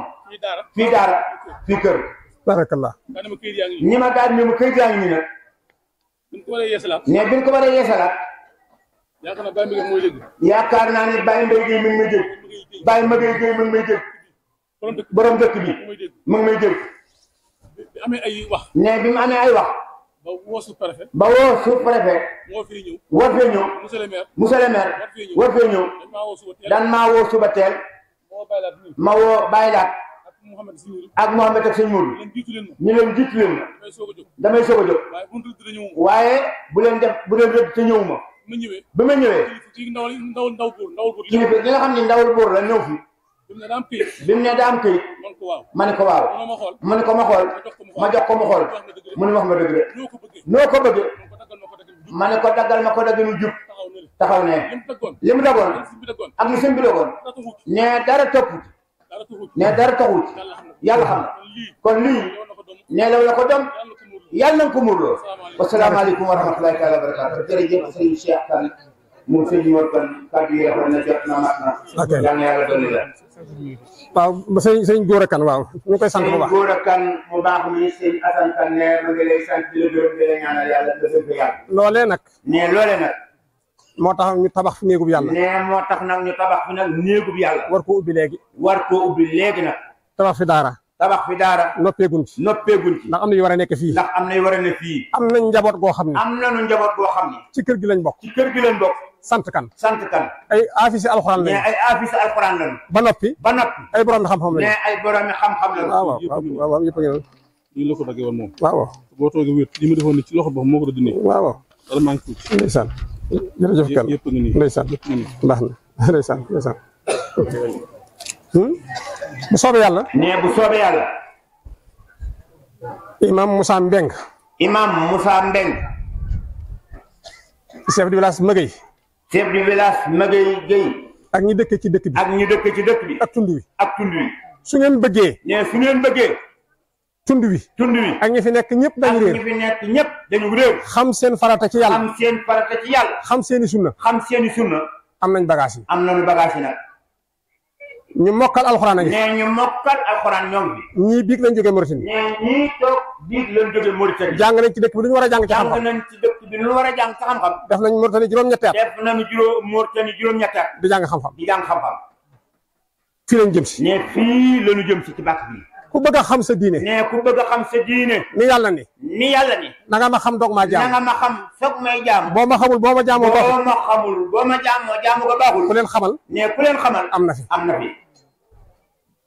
fii daara fii kër barakallah ñi ma gaar ñi ma këyit yaa ko borom dëkk bi mu ma may dégg. bi amee ay wax. mais bi mu amee ay wax. ba woo sous préfet. ba woo sous préfet. moo fee ñëw. war fee ñëw. monsieur le fee ñëw. dan maa woo suba teel. ma woo bàyyi laat. ak Mouhamed ak sëñ Mourou. leen jiitu leen ma. damay soog waaye bu leen def bu leen def te ñëwuma. ba ma ñëwee. kii bi nga xam ne ndawul buur la ñëw fi. bi mu ne daam këyit bi mu ne daam ma ne ko waaw ma ne ko ma xool ma ko mu xool mu ne wax ma dëgg de noo ko bëggee ma ne ko daggal ma ko dagginu jub taxaw ne li mu dagoon ak li sëñ bi dagoon ne dara topput ne xam kon lii ne law ko dom yàlla na ko muurloo wasalaamaaleykum wa rahmatulahi taala wa barakaatu jërëjëf sëñ Cheikh Kane moom sëñ Mor Kane kàddu yi rafet na jot na mat na yàlla na yàlla dolli la waaw sëñ sëñ Gora Kane waaw ñu koy sant bu baax sëñ Gora Kane baax mi nag. ne loolee nag. moo tax ñu tabax fi néegub yàlla. ne moo tax nag ñu tabax fi nag néegub yàlla. war ko ubbi léegi. war koo ubbi léegi nag. tabax fi daara. tabax fi daara noppeegun ci noppeegun ndax am na ñu war a nekk fii ndax am na yu war a nañ njaboot goo xam ne am nañu njaboot goo xam ne ci kër gi lañ bokk kër gi lañ bokk sant kan sant kan ay afisi alxuraan lañu ay afisi alxuraan lañu ba nopi ba nopi ay borom xam-xam lañu ay borom xam-xam lañu waaw waaw waaw yepp ngeen ni noonu dagge won ko waaw waaw boo toogee wéet li ma ni ci loxo boppam moko ko dindee waaw waaw dara maa ngi tuuti ndeysaan jërëjëf kan yëpp ngi nii ndeysaan yëpp ngi nii baax na [LAUGHS] ndeysaan ndeysaan hmm? bu sobe yalla ne bu sobe yalla imam musa Mbeng imam musa Mbeng chef de village magay chef du village Magaye Gueye ak ñu dëkk ci dëkk bi ak ñi ci dëkk bi ak tund wi ak tund wi su ngeen bëggee ne su ngeen bëggee tund wi tund wi ak ñi fi nekk ñëpp dañu réer ñëpp dañu réer xam seen farata ci yàlla xam seen farata ci yàlla xam seen i sunna xam seen i am nañ bagage yi am nañu bagage yi nag ñu mokal alquran ñi ngi nee ñu mokkal alxuraan ñoom bi ñii biig lañ jógee Mauritanie nee ñii toog biig lañ jógee Mauritanie nañ ci dekk bi lu ñu war a ci xam-xam jàng nañ ci dekk bi lu ñu war a ci xam-xam def nañ Mauritanie juroom ñetti def nañ juroom Mauritanie juroom ñetti di jang xam-xam di jang xam-xam fii lañu jëm ci nee fi lañu jëm ci ci bàkk bi ku bëgg xam sa diine ne ku bëgg xam sa diine ni yalla ni ni yalla ni na nga ma xam dog ma jaam na nga ma xam sok may jaam bo ma xamul bo ma jaamoo bo ma xamul bo ma jaamoo jaamu ko baaxul ku len xamal ne ku len xamal amna fi amna fi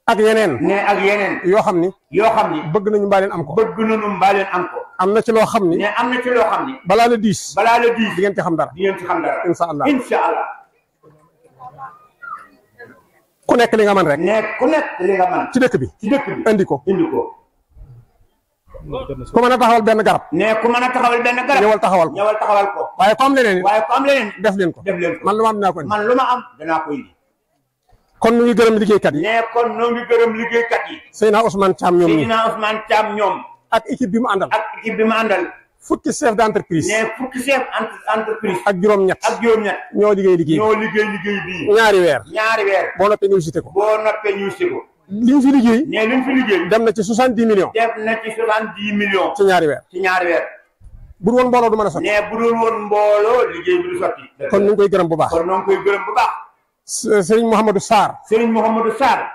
ak yeneen. ne ak yeneen. yoo xam ni. yoo xam bëgg nañu mbaa leen am ko. bëgg nañu mbaa leen am am na ci loo xam ne am na ci loo balaa la diis. balaa la diis ngeen ci xam dara. di ci xam dara incha allah incha allah. ku nekk li nga mën rek. ne ku ci dëkk bi ci dëkk bi indi ko indi ko. ku mën a taxawal benn garab. ne ku mën a taxawal benn garab. ñëwal taxawal ko ñëwal taxawal ko. waaye ku am leneen. waaye def leen ko man lu ma am dinaa ko indi. man am danaa kon ñu ngi gërëm liggéeykat yi. mais kon ñoo ngi gërëm liggéeykat yi. Seyna Ousmane Thiam ñoom ñi Seyna Ousmane Thiam ñoom. ak équipe bi mu bi mu àndal. fukki chef d' entreprise. fukki chef entreprise. ak juróom ñet ak juróom-ñett. ñoo liggéey liggéey ñoo liggéey liggéey bii. ñaari weer. ñaari weer. boo noppee ñu ko. boo noppee ñu cité ko. liggéey. mais li ñu liggéey. dem na ci soixante dix millions. def na ci ñaari weer ci ñaari weer. bu dul woon mbooloo du a sotti. mais bu dul woon mbooloo liggéey bi du sotti. kon ñu koy gërëm bu baax. koy gërëm bu baax. Serigne Mouhamadou Sarr. Serigne Mouhamadou Sarr.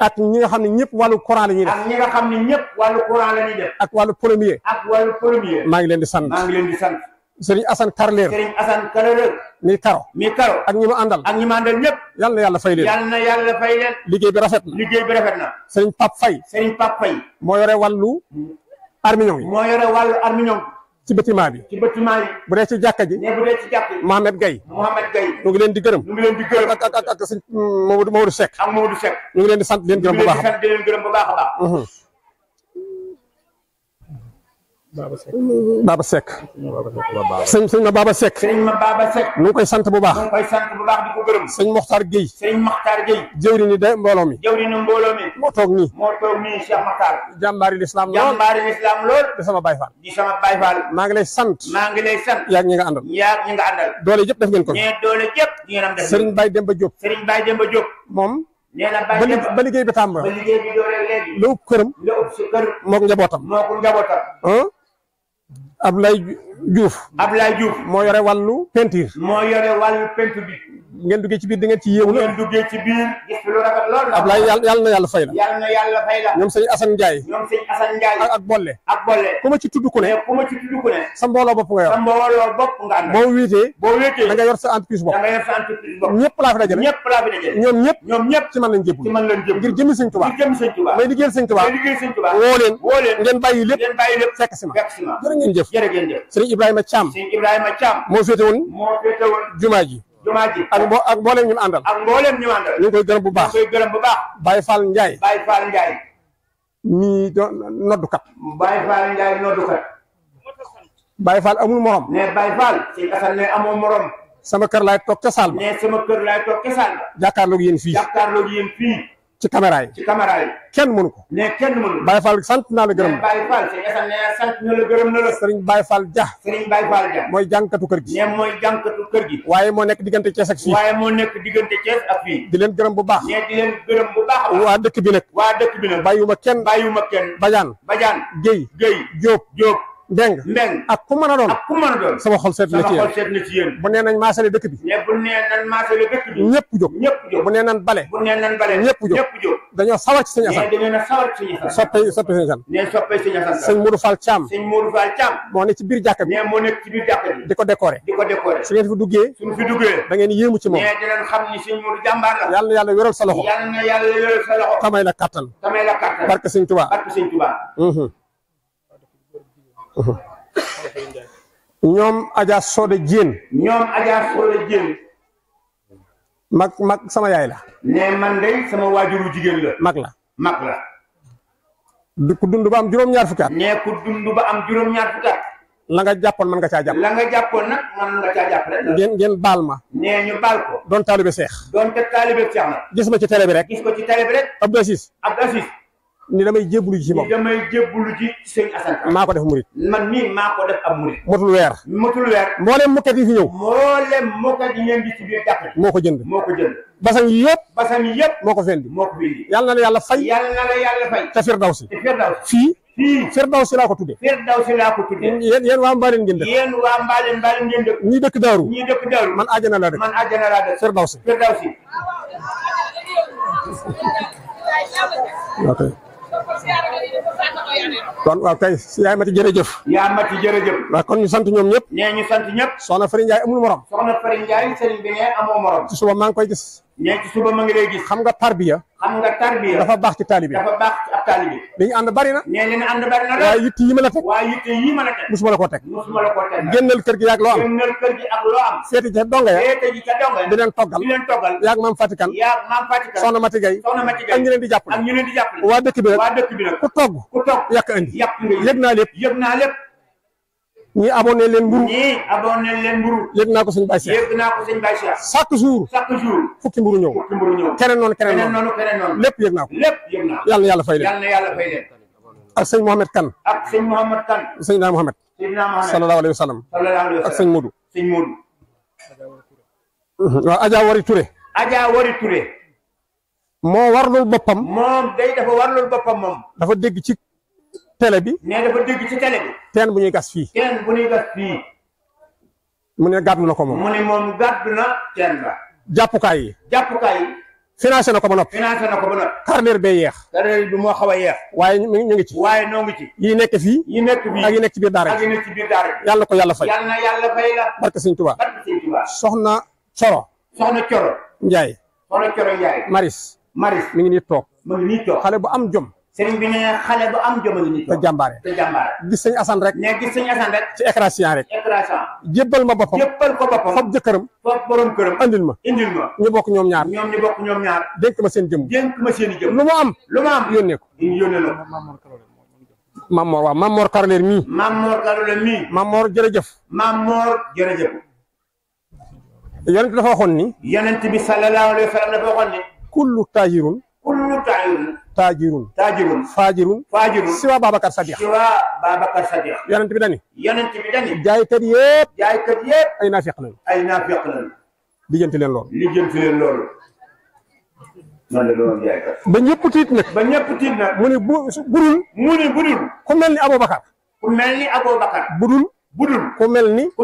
ak ñi nga xam ne ñëpp wàllu courant la ñuy ak ñi nga xam ne ñëpp wàllu courant la ñuy def. ak wàllu premier. ak wàllu premier. maa ngi leen di sant maa ngi leen di sant. Serigne Assane Karleer. Serigne Assane Karleer. mi karo mi karo. ak ñi ma ak ñi ma àndal ñëpp. yal na yàlla fay leen. yal na yàlla fay leen. liggéey bi rafet na. liggéey bi rafet na. Serigne Pape Faye. Serigne Pape moo yore wàllu armignon ci bâtiment bi. ci bâtiment bu dee ci jàkka ji. mais bu dee ci jàkka leen di gërëm. ñu ngi leen leen di sant di leen gërëm bu baax a baax. ñu ngi a baax. Baba Seck sëñ sëñ ma Baba Seck sëñ ma Baba Seck koy sant bu baax nu ngi koy sant bu baax di ko gërëm sëñ Mokhtar Gueye sëñ de mbooloo mi jëwri ni mbooloo mi moo toog nii moo toog nii Cheikh Mokhtar jàmbaari lislaam lool lool di sama Baye Fall di sama Baye Fall maa ngi lay sant maa ngi lay sant yaag ñi nga àndal yaag doole yëpp def ngeen ko ñee doole yëpp ñi ngeen am def sëriñ Baye Demba Diop sëriñ Baye ba liggéey bi tàmbali ba njabootam ab lay Ablaye ab Ablaye Diouf. moo yore wàllu peinture. moo yore wàllu peinture bi. ngeen duggee ci biir di ngeen ci yéewu ngeen duggee ci biir gis lu rafet loolu la yàlla na yàlla fay la ñoom sëñ Assane Ndiaye ñoom sëñ Assane Ndiaye ak ak Bolle ma ci tudd ku ne ku ma sa mbooloo bopp nga yor sa boo wéetee boo wéetee da nga yor sa entreprise bopp nga yor sa entreprise laa fi dajale ñëpp laa ñëpp ñoom ñëpp ci man lañ jébbu man leen woo leen ngeen bàyyi lépp ngeen bàyyi lépp fekk si ma fekk si ma jërë ngeen jëf jërë Ibrahima Thiam moo féete woon moo ji jumaa ak mbo ak mbooleem ñu àndal ak mbooleem ñu àndal ñu koy gërëm bu baax ñu koy gërëm bu baax Baye Fall Ndiaye Baye Fall Ndiaye mii noddukat Baye amul morom ne Baye Fall si asan ne amoo morom sama kër laay toog ca saal ba ne fii ci caméra yi. ci caméra yi. kenn mënu ko. mais kenn mënu ko. Baye Fall sant naa la gërëm. mais Baye Fall sant na la gërëm mooy jànkatu kër gi. mooy jànkatu kër gi. waaye moo nekk diggante Thiès ak fii. waaye moo nekk diggante Thiès di leen gërëm bu baax. mais di leen gërëm bu baax a baax. waa dëkk bi nag. waa dëkk bi nag. bàyyiwuma kenn. bàyyiwuma kenn. Badiane. Badiane. Guèye. Guèye Diop Diop. ndeng ndeng ak ku doon ak ku sama xol seet na ci yéen bu nee nañ maasale dëkk bi ne bu ñëpp jóg ñëpp jóg bu nee nañ bale bu nee ñëpp ñëpp jóg dañoo sawar ci sëñ Assane dañoo na sawar ci sëñ Assane soppay soppay moo nekk ci biir jàkka bi ne moo nekk ci biir jàkka bi di ko décorer di ko décorer su fi duggee suñu fi da ngeen yéemu ci moom ne dinañ la yàlla sa loxo yàlla na yàlla yoral sa loxo tamay la kattan tamay la kattan barke sëñ Touba barke Uh-huh. ñoom Adja Soda Dieng. ñoom Adja Soda Dieng. mag mag sama yaay la. ne man de sama waajuru jigéen la. mag la mag la. ku dund ba am juróom-ñaar fukki ne ku dund ba am juróom-ñaar fukki la nga jàppoon mën nga caa jàpp. la jàppoon nag mën nga ngeen baal ma. nee ñu baal ko. doon taalibe seex. gis ma ci télé bi rek. gis ko ci ni damay jébbalu ji ci moom ni maa ko def murit man nii maa ko def ab murit motul weer motul weer mboolem mukkat yi fi ñëw moo ko jënd moo ko jënd basan yi yëpp basan yi yëpp moo ko fendi moo ko fendi yàlla na la yàlla fay yàlla na la fii fii Firdawsi laa ko tudde Firdawsi laa ko tudde yéen yéen waa Mbaaleen ngeen dëkk yéen Daaru ñii dëkk Daaru man àjjana laa dëkk man kon waaw kay yaay mati jërëjëf yaay mati jërëjëf waaw kon ñu sant ñoom ñëpp ñee ñu sant ñëpp soxna Fari Ndiaye amul morom soxna Fari Ndiaye sëriñ bi nee amoo morom ci suba maa ngi koy gis nee ci suba ma xam nga tarbiya. xam nga tarbiya dafa baax ci taalibi. dafa baax ci ab taalibi. li ñu ànd bari na. nee li na waaye yitt yi ma la teg. waaye yitt yi ma la teg. musuma la kër gi yaag loo am. seeti ca donga ya. seeti ji ca donga ya. di leen toggal. di leen toggal yaag maam Fatikan. yaag maam Fatikan. soxna di jàppale. waa dëkk bi ku togg. ku togg yàq naa lépp. ñii abonné leen mburu ñii abonné leen mburu yëg naa ko chaque jour chaque jour fukki mburu ñëw fukki mburu ñëw keneen noonu keneen noonu keneen noonu lépp yàlla yàlla fay leen yàlla yàlla fay leen ak sëñ Mohamed Kane ak sëñ Mohamed Kane alayhi wa sallam ak sëñ Modou sëñ Modou waaw Adja Wari Touré Adja Wari Touré moo warlul boppam moom dafa warlul boppam moom dafa dégg tele bi. nee ci télé bi. teen bu ñuy gas fii. teen bu ñuy gas fii. mu ne na ko moom. mu ne moom gàddu na teen ba. jàppukaay yi. jàppukaay yi. na ko ba noppi. financé na ko ba noppi. carnet bee yeex. carnet bi moo xaw yeex. waaye ñu ngi ci. waaye noo ngi ci. yi nekk fii. yi nekk fii ak yi nekk ci biir daara yi. ak ko yàlla fay. yàlla na yàlla fay la. barke Sëñ Tuubaa. barke Sëñ Tuubaa. soxna Coro. soxna Coro. Ndiaye. soxna Maris. mi ngi nii toog. mi ngi bu am jom sëriñ bi ne xale bu am jom ni te jàmbaare te jàmbaare gis sëñ Assane rek ne gis sëñ Assane rek ci écran géant rek écran géant jébbal ma boppam jébbal ko boppam fab jëkkëram fab borom këram andil ma indil ma ñu bokk ñoom ñaar ñoom ñu bokk ñoom ñaar dénk ma seen jëm dénk ma seen i jëm lu mu am lu mu am yónnee ko yónnee la Mamor waaw Mamor Karolène mii Mamor Karolène mii Mamor jërëjëf Mamor jërëjëf yonent dafa waxoon ni yonent bi sallallahu alayhi wa sallam dafa kullu taahirun taajirun taajirun faajirun faajirun siwa Babacar Sadiq siwa Babacar Sadiq yonent bi dani yonent bi dani jaaykat yëpp jaaykat yëpp ay naafiq lañu ay naafiq lañu lijjanti leen loolu lijjanti leen loolu man la doon jaaykat ba ñëpp tiit nag ba ñëpp tiit nag mu budul mu budul ku mel ni Aboubacar ku mel budul ku mel ni ku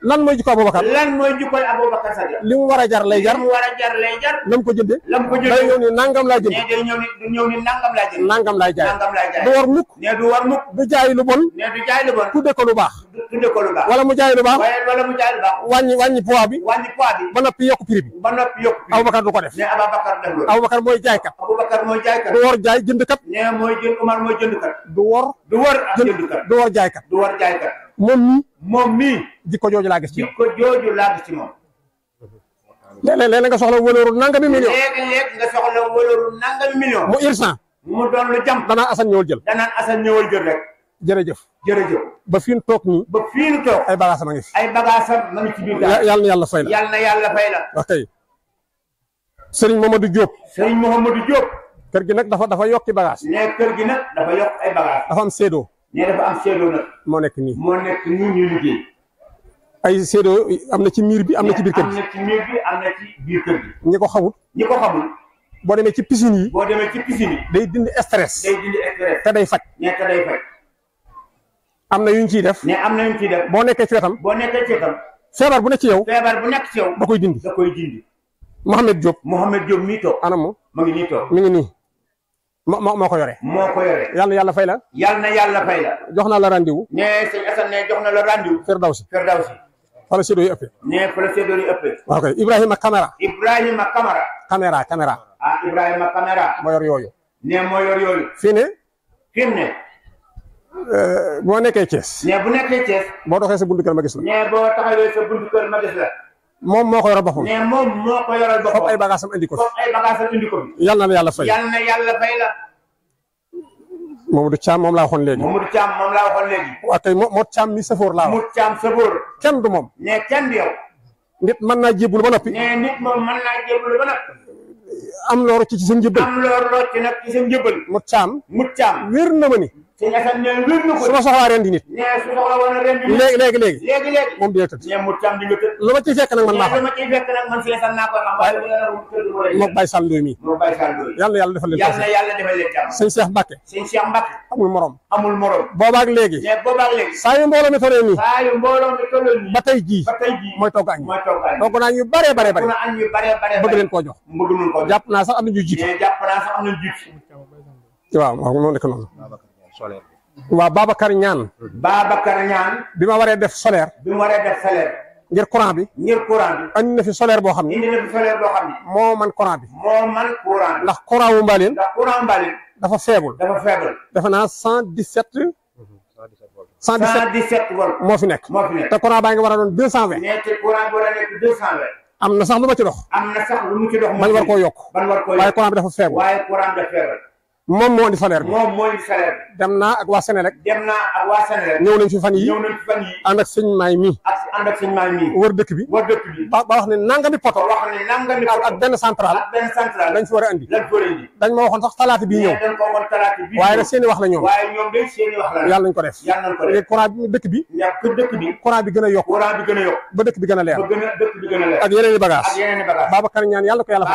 lan mooy jikko Aboubacar lan mooy jikkoy Aboubacar li mu war a jar lay jar li a ko jënde lam ko jënde day ni nangam laa jënd day ñëw ni du ñëw nangam laa jënd nangam laay jaay nangam laay jaay du war mukk ne du war mukk du jaay lu bon ne ko lu baax tudde ko wala mu jaay lu baax wala mu jaay lu baax wàññi wàññi bi wàññi poids ba noppi yokku prix ba noppi yokku prix Aboubacar du ko def ne Aboubacar def loolu Aboubacar mooy jaay kat Aboubacar mooy jaay kat du war jaay jënd kat ne mooy jënd Omar mooy jënd kat du war du war jënd kat du war jaay kat du war jaay kat moom mii. moom mii. jikko jooju laa gis ci moom jikko jooju laa gis ci moom. léeg-léeg léeg nga soxla wëlooru nangami million. léeg-léeg million. mu irsan. mu doon jam. danaan Assane ñëwal jël. danaan Assane ñëwal jël rek. jërëjëf. jërëjëf. ba fii nu toog ba fii nu ay bagaasam a ngi ay bagaasam ma ngi ci biir daal. yàlla na yàlla fay la yàlla na yàlla fay la. wax kay sëriñ Mamadou Diop. nag dafa dafa yokki bagage. mais kër gi nag dafa yokk ay dafa am séedoo. nee dafa am seedoo nag. moo nekk nii moo nekk nii ñuy liggéey. ay seedoo am na ci miir bi am na ci biir kër gi am na ci miir ñi ko xamul. ñi ko xamul. boo demee ci piscine yi. boo demee ci day dindi stress. day day faj. am na yu ñu ciy def. am na yu ñu ciy boo nekkee ci wetam. boo nekkee ci feebar bu nekk ci yow. feebar bu nekk ci yow. da koy dindi da koy dindi. Mouhamed Diop. Mouhamed Diop mii toog. anam mu ngi nii toog mi nii. moo moo ko yore. moo ko yore. yal na yàlla fay la. yal na yàlla fay la. jox naa la rendez-vous. ne sëñ Assane ne jox na la rendez-vous. Firdawsi Firdawsi. fa la séddoo yi ëppee. ne fa la yi ëppee. waaw Ibrahima Kamara. Ibrahima Kamara. Kamara Kamara. Ah, Ibrahima Kamara. moo yor yooyu. ne moo yor yooyu. fii ne. fii ne. Eh, boo nekkee ne bu nekkee Thiès. boo boo taxawee sa buntu kër la. moom moo ko yoral boppam. mais moom moo ko yoral boppam. foofu ay bagaasam indi ko yal na yàlla fay yal na yàlla fay la. Mamadou Thiam moom laa waxoon léegi. Mamadou Thiam moom laa waxoon léegi. safoor laa. Mot Thiam safoor. kenn du moom. mais kenn du yow. nit mën naa jébul ba noppi. mais nit am loolu ci ci seen jëbbal. am loolu ci nag na ma ni. sëñ Assane nee na na ko su ma a rendi nit léegi léegi léegi léegi léegi moom dina tëdd nee mu tam ciy fekk nag man maa xam lu ma ciy fekk nag man si Assane ko xam waaye moo Baye Sall Ndoye mii moo Baye Sall Ndoye yàlla yàlla defal leen yàlla yàlla defal leen jàmm sëñ Cheikh Mbacke amul morom amul morom léegi mais boobaak saa yu mbooloo mi tollee nii saa yu mbooloo mi tollee nii ba tey jii ba tey jii mooy togg añ bare bare bare añ ñu bare bare bëgg leen koo jox bëgg leen naa sax am na ñu jiitu jàpp naa sax am na ñu jiitu waaw solaire bi. waaw Babacar Ñaan. Babacar Ñaan. bi ma waree def solaire. bi ma waree def solaire. ngir courant bi. ngir courant bi. andi na boo xam ne. indi na moo man courant bi. moo man courant bi. ndax courant wu Mbaline. ndax courant Mbaline. dafa faible. dafa faible. defe naa cent dix sept. Mhm. cent dix sept moo fi nekk. moo fi nekk te courant baa ngi war a doon deux cent vingt. te am na sax lu ma ci dox. am na lu mu ci dox. war koo yokk. man war waaye courant bi dafa faible. moom moo indi salaire bi moom moo indi salaire bi. dem naa ak waa Sénélec. dem naa ak waa fan yii ñëw nañ fi fan yii. dëkk bi wër dëkk bi. ba ba wax ne nangami poto. wax ne nangami poto ak benn central. ak benn war a andi. a indi dañ ma waxoon sax talaata bii ñëw. dañ ko waxoon wax la ñoom. waaye ñoom day ko def yàlla nañ ko def bi dëkk bi. ñàkk bi. gën a yokk. courant bi gën a ba dëkk bi gën a leer. ba gën a dëkk bi gën a leer. ñaan yàlla ko yàlla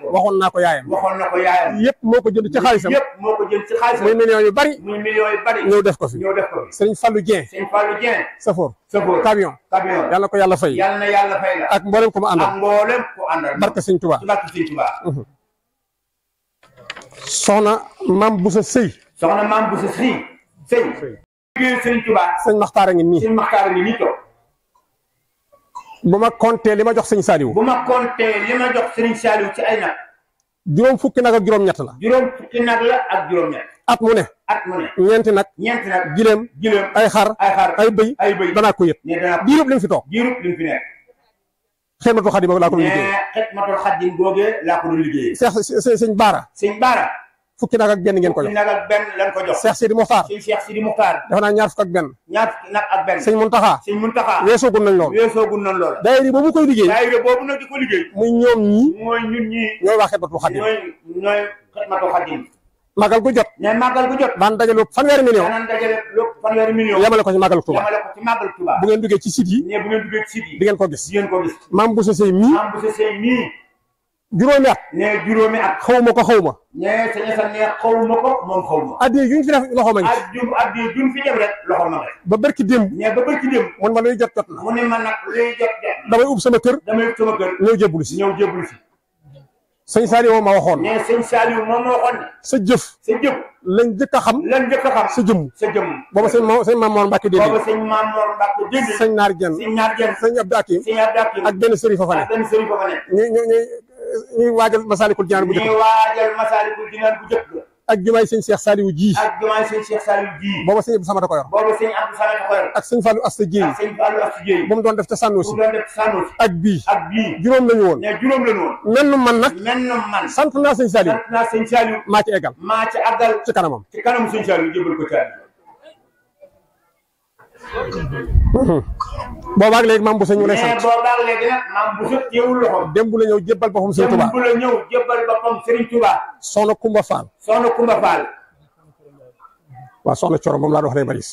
ko. waxoon naa ko yaayam na ko yaayam yep moko ko jënd ci xaalisam yep moko ko jënd ci xaalisam muy millions yu bari muy millions yu bari ñëw def ko fi ñëw def ko fi sëñ Fallou Dieng sëñ Fallou Dieng safoor safoor camion camion yalla ko yalla fay yalla na yalla fay la ak mboolem ko mu àndal ak mboolem ko àndal barke sëñ Touba barke sëñ Touba mhm. soxna maam Boussa Sëy soxna maam Boussa Sëy sëy liggéey sëñ Touba sëñ makhtar a ngi nii sëñ Maxtaar a ngi nii toog bu ma compté jox sëñ saliw buma konté lima jox sëñ saliw ci ayna juróom fukki nag ak juróom-ñett la. juróom fukki nag la ak juróom-ñett. at mu ne. nag. ñeenti ay xar. ay xar ay bëy. ay bëy danaa ko fi toog. diirub li mu fi nekk. xidmatul xadim laa ko doon laa ko doon liggéeyee. sëñ Baara. sëñ Baara. fukki nag ak benn ngeen ko jox fukki nag ak benn lañ ko jox Cheikh Sidi Mokhtar suñu Cheikh Sidi Mokhtar def naa ñaar fukk ak benn ñaar nag ak benn sëñ Muntaxa lool weesoogun nañ lool daayira liggéey daayira ko liggéey muy ñoom ñii mooy ñun ñii ñooy waa Xidmatul Xadim ñooy ñooy magal gu jot mais magal gu jot daan dajale fanweeri million daan dajale ko ci magal Touba yemale ko ci bu ngeen duggee ci site yi bu ngeen ko gis di ngeen ko gis juróomi at. nee ko xaw ma. nee sa ñaata nee xaw ma ko addi juñ fi loxo ma ngi. addi addi juñ fi def rek loxo ba barki démb. nee ba barki démb. man ma luy jot jot na. damay ub sama kër. ñëw jébbalu si. ñëw jébbalu si. sëñ Saliou ma waxoon. nee sëñ Saliou moom ma sa jëf. sa jëf. lañ njëkk xam. lañ njëkk a sa jëmm. sa jëmm booba sëñ ma sëñ Mamoor Mbàkke Dédé. booba sëñ Mamoor Mbàkke Dédé. sëñ Naar Jenn. sëñ Naar Akim. ak benn sëriñ fa fa ñuy waajal Masaalikul Jinaan bu njëkk ñuy waajal Masaalikul Jinaan bu njëkk ak jumaay sëñ Cheikh Saliou ji ak jumaay sëñ Cheikh Saliou ji booba sëñ Abdou Samad da ko yor booba ak sëñ Fallou Asta Dieye ak sëñ Fallou Asta Dieye bu mu doon def ca Sanosi bu mu doon def ca ak bii ak bii juróom lañu woon ne woon mel nu man nag mel nu man sant naa sëñ Saliou sant naa sëñ maa ci eggal maa ci ci kanamam ci kanam sëñ boobaag léegi maam bu sa ñu lay sant. mais boobaag léegi nag maam loxo. démb la ñëw jébbal boppam Serigne Touba. démb la ñëw jébbal boppam Serigne Touba. Soxna Kumba Fall. Soxna Kumba Fall. waaw soxna Coro moom laa doon wax rek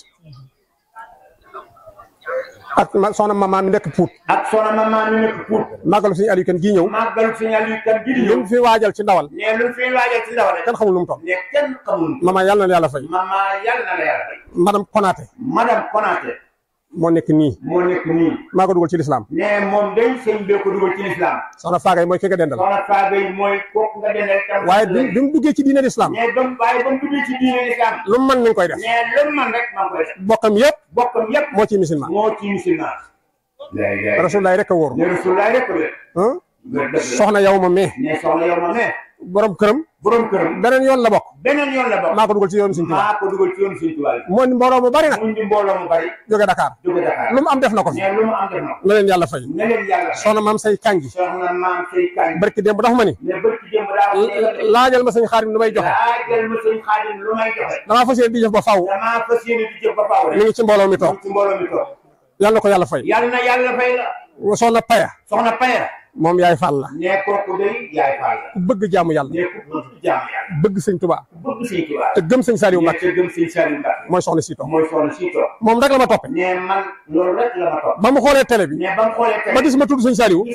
ak soxna mama mi nekk Pout. ak soxna mama mi nekk Pout. màggalu suñu Aliou Kane gii ñëw. màggalu suñu Aliou Kane gii ñëw. lu mu fi waajal ci ndawal. mais lu mu fi waajal ci ndawal. kenn xamul lu mu toll. mais kenn xamul. mama yàlla na yàlla fay. mama yàlla na yàlla fay. madame Konaté. madame Konaté. moo nekk nii. moo nekk nii. maa ko dugal ci lislaam. mais moom day sëñ bee ko dugal ci lislaam. soxna Faagay mooy ki nga dendal. soxna Faagay mooy kooku nga dendal. waaye bi bi mu duggee ci diine lislaam. mais ba mu waaye ba mu duggee ci diine lislaam. lu mu mën mi ngi koy def. mais lu mu mën rek maa ngi koy def. bokkam yëpp bokkam yëpp moo ci musulman moo ci musulman rasulaay rek a wóor rasulaay rek a wóor soxna yow ma mee ne soxna yow ma mee borom këram borom këram beneen yoon la bokk beneen yoon la bokk maa ko dugal ci yoonu Sëriñ Tuubaa maa ko dugal ci yoonu Sëriñ Tuubaa moo ni mbooloo mu bari nag mu di mbooloo mu bari jóge Dakar jóge Dakar lu mu am def na ko fi lu mu am def na ko na leen yàlla fay na leen yàlla soxna maam say kàngi soxna maam say kàngi barki démb dafa ma ni laajal ma sëñ xaadim lu may joxe laajal ma sëñ xaadim lu may joxe damaa fas yéene di jëf ba faaw damaa ba faaw mi ngi ci mbooloo mi toog mi ngi ci mbooloo mi ko yàlla fay yàlla na yàlla fay la soxna paya soxna paya moom yaay Fall la. ne kooku day yaay Fall la. ku bëgg jaamu yàlla. ne ku bëgg jaamu yàlla. bëgg sëñ Tuubaa. bëgg sëñ Tuubaa. te gëm sëñ Saliou Mbacké. te gëm sëñ Saliou moom rek la ma toppee. ne man loolu ma ba mu xoolee télé bi. ne ba mu xoolee télé ma tudd sëñ Saliou.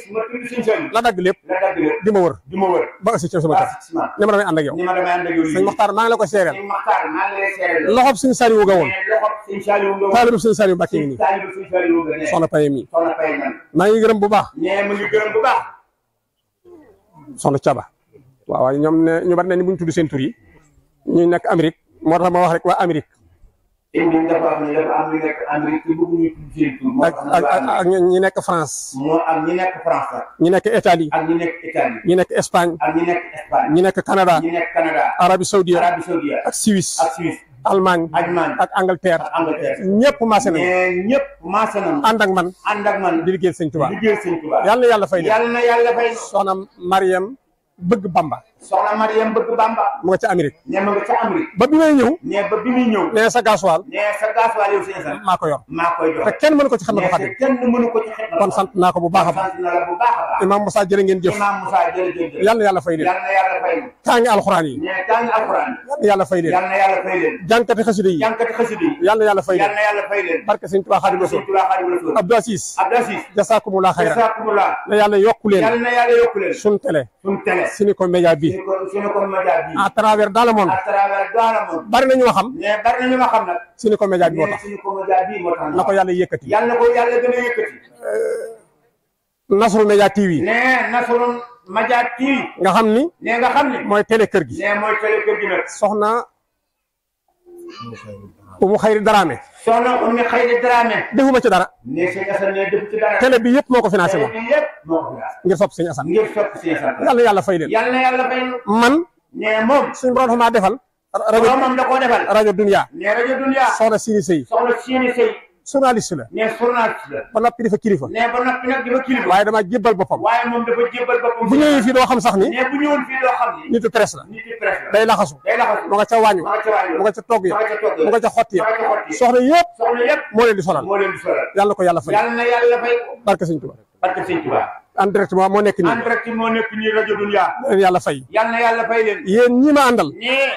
la dagg lépp. la dagg lépp di ma ba aussi ci ni ma damay yow. ni ma damay la ko seereel. sëñ Maxtaar maa ngi lay seereel. loxob mi. maa ngi bu baax. Sonu Chaba waaw waaye ñoom ne ñu bari ne ni bu tuddu tudd seen tur yi ñu nekk Amérique mo tax ma wax rek wa Amérique. ñi nekk France. mo am ñi nekk France ñi nekk Italie. ak ñi nekk Italie. ñi nekk Espagne. ak ñi nekk Espagne. ñi nekk Canada. ñi nekk Canada. Arabie Saoudite. Arabie Saoudite ak Suisse. ak Suisse. Allemagne ak Angleterre ñëpp maase nañu ñëpp maase nañu ànd ak man ànd ak man di liggéeyal sëñ Tuubaa yàlla na yàlla fay leen soxna Mariam bëgg Bamba soxna Mariam bëgg Bamba mu nga ca Amérique ne ma nga ca Amérique ba bi may ñëw ne ba bi muy ñëw ne sa gasoil ne sa gasoil yow sëñ Assane maa ko yor maa koy te kenn mënu ko ci xamal ko fàtte kenn mënu ko ci xamal kon sant naa ko bu baax a baax imam Moussa jërë ngeen jëf imam Moussa jërë ngeen jëf yàlla yàlla fay leen yàlla yàlla fay leen tàngi alxuraan yi ne tàngi alxuraan yàlla yàlla fay leen yàlla yàlla fay leen jànkati xasida yi jànkati xasida yi yàlla yàlla fay leen yàlla yàlla fay leen barke sëñ Tuubaa Xaadimu Rasuul Abdou Aziz Abdou Aziz jasaakumulaa xayra jasaakumulaa na yàlla yokku leen yàlla yàlla yokku leen suñ télé suñ télé Sénéco Média bi bi à travers dans le monde bari na ñu xam mais bari na ñu ma xam nag Sénéco Média moo tax na ko yàlla yëkkati yàlla ko yàlla gën a yëkkati euh, Nasrul Média TV nga xam ni mooy télé kër gi nee mooy soxna umu xayri daraame. soxna umu xayri daraame. defuma defu ci dara. télé bi yëpp moo ko financé moom. télé bi yëpp moo ko financé. ngir sopp sëñ Assane. ngir sopp sëñ Assane. yàlla yàlla fay leen. yàlla yàlla fay leen. man. ne moom. suñu borom dafa maa defal. rajo moom da koo Sey. journaliste la ne journaliste la ba noppi dafa kilifa kilifa waaye damaa jébbal boppam bu ñëwee fii doo xam sax ni ne bu la nitu presse la day laxasu day laxasu mu nga ca wàññu mu nga ca togg ya mu nga ca xott ya soxna yëpp soxna yëpp moo leen di sonal moo ko yàlla fay yàlla na yàlla fay barke sëñ Tuubaa barke moo nekk nii en direct moo nekk nii rajo Dunya yàlla fay yàlla na yàlla fay leen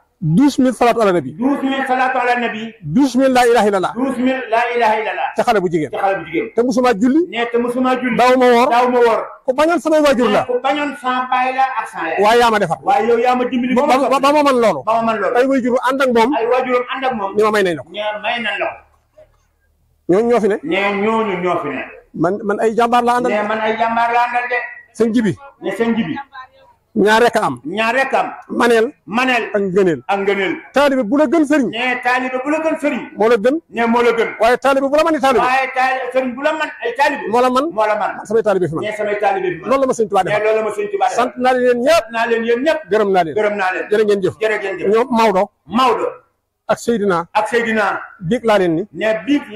douze mille salaatu ala nabi. douze mille salaatu laa ilaaha illallah. douze mille xale bu jigéen. te xale bu jigéen. te musuma julli. ne te musuma julli. daaw ma woor ku bañoon samay waajur la. ku bañoon sama yaa ma defar. waaye yow yaa ma dimbali. ba ma ba ma loolu. ma mën loolu ay waajur ànd ak moom. ay waajur ànd ak moom. ni ma may nañ la ko. may nañ la ko. ñooñu ñoo man ay jàmbaar laa àndal. ne man ay jàmbaar laa àndal de. sëñ Jibi. ne Jibi. ñaar rek am. ñaar rek am. maneel. maneel ak ngëneel. ak ngëneel. taalibe bu la gën sëriñ. nee taalibe bu la gën sëriñ. moo la moo la waaye taalibe bu la mën i taalibe. waaye taalibe sëriñ bu la mën ay taalibe. moo la la mën. Ah, samay taalibe fi man. samay taalibe fi man. loolu ma sëriñ Tuubaa defal. sant naa leen ñëpp. naa leen yéen ñëpp. gërëm naa leen gërëm naa leen. jërë ngeen jëf jërë ngeen jëf. ñoom Maodo. ak Seydina. ak Seydina. biig laa leen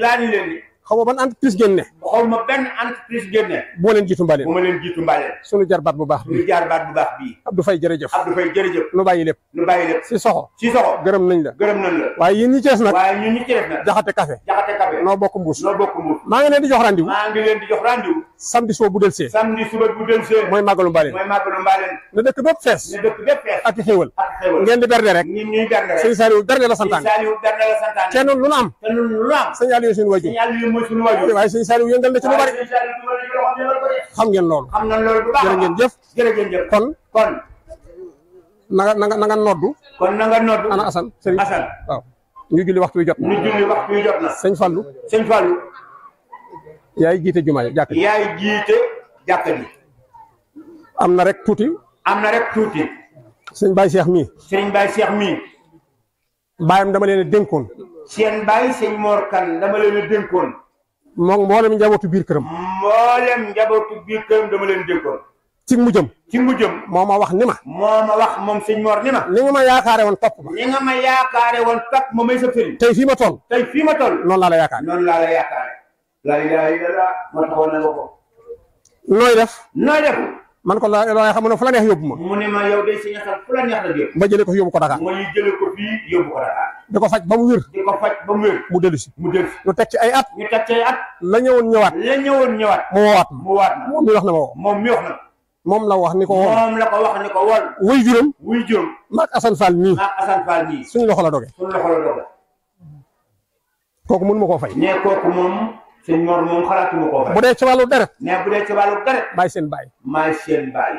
laa leen ni. xaw ma ban entreprise génne. xaw ma benn entreprise génne. boo leen jiitu mbaleen. bu ma leen jiitu mbaleen. suñu jarbaat bu baax bii. suñu jarbaat bu baax bii. Abdou Faye jërëjëf. Abdou Faye jërëjëf. nu bàyyi lépp. nu si soxo. si soxo la. la waaye yéen ñi ci nag. waaye ñun ñi ci des nag. jaxate café. jaxate café noo maa ngi leen di jox rendez-vous. maa di jox rendez-vous. samedi suba bu delsee. samedi suba bu delsee. mooy màggalu mbaleen. mooy màggalu mbaleen. na dëkk bépp fees. na dëkk bépp fees. ak xéewal. ak xéewal ngeen di berde rek. ñun ñuy berde rek. sëñ Saliou berde la santaane. sëñ Saliou berde la santaane. te nun lu am. te nun lu am. sëñ Aliou mooy suñu waajur waaye sëñ yëngal na ci lu bari xam ngeen lool xam ngeen ngeen jëf jërë kon na nga na nga na nga noddu kon na nga noddu ana Assane Serigne Assane waaw ñu julli waxtu wi jot na ñu julli waxtu wi yaay jiite jumaa yi yaay jiite jàkk am na rek tuuti am na rek tuuti sëñ Baye Cheikh mii sëñ Baye Cheikh mii baayam dama leen dënkoon dénkoon seen baay sëñ Mor Kane dama leen a dénkoon moom mboolem njabootu biir këram. mboolem njabootu biir këram dama leen déggoon. ci mujjam. ci jëm moo ma wax ni ma. moo ma wax moom sëñ Mor ni ma. ni nga ma yaakaare woon topp ma. ni nga ma yaakaare woon topp ma may sa sëriñ. tey fii ma toll. tey fii ma toll. noonu laa la yaakaare. noonu laa la yaakaare. na nga ko. nooy def. nooy def. man ko la la xam ne fu la neex yóbbu ma mu ne ma yow day sëñ Assane fu la neex la yóbbu ma jëlee ko fi yóbbu ko Dakar ma jëlee ko fii yóbbu ko Dakar di ko faj ba mu wér di ko faj ba mu wér mu dellu si mu dellu si ñu teg ci ay at ñu teg ci ay at la ñëwoon ñëwaat la ñëwoon ñëwaat mu woowaat ma mu woowaat ma moom mi wax na ma woo moom mi wax na moom la wax ni ko woo moom la ko wax ni ko wol wuy juróom wuy juróom maag Assane Fall mii maag Assane Fall mii suñu loxo la doge suñu loxo la doge kooku mënu ma koo fay ne kooku moom sëñ Mor moom xalaatuma koo fay. coba dee ci wàllu deret. mais bu dee ci wàllu deret. maay seen baay. maay seen baay.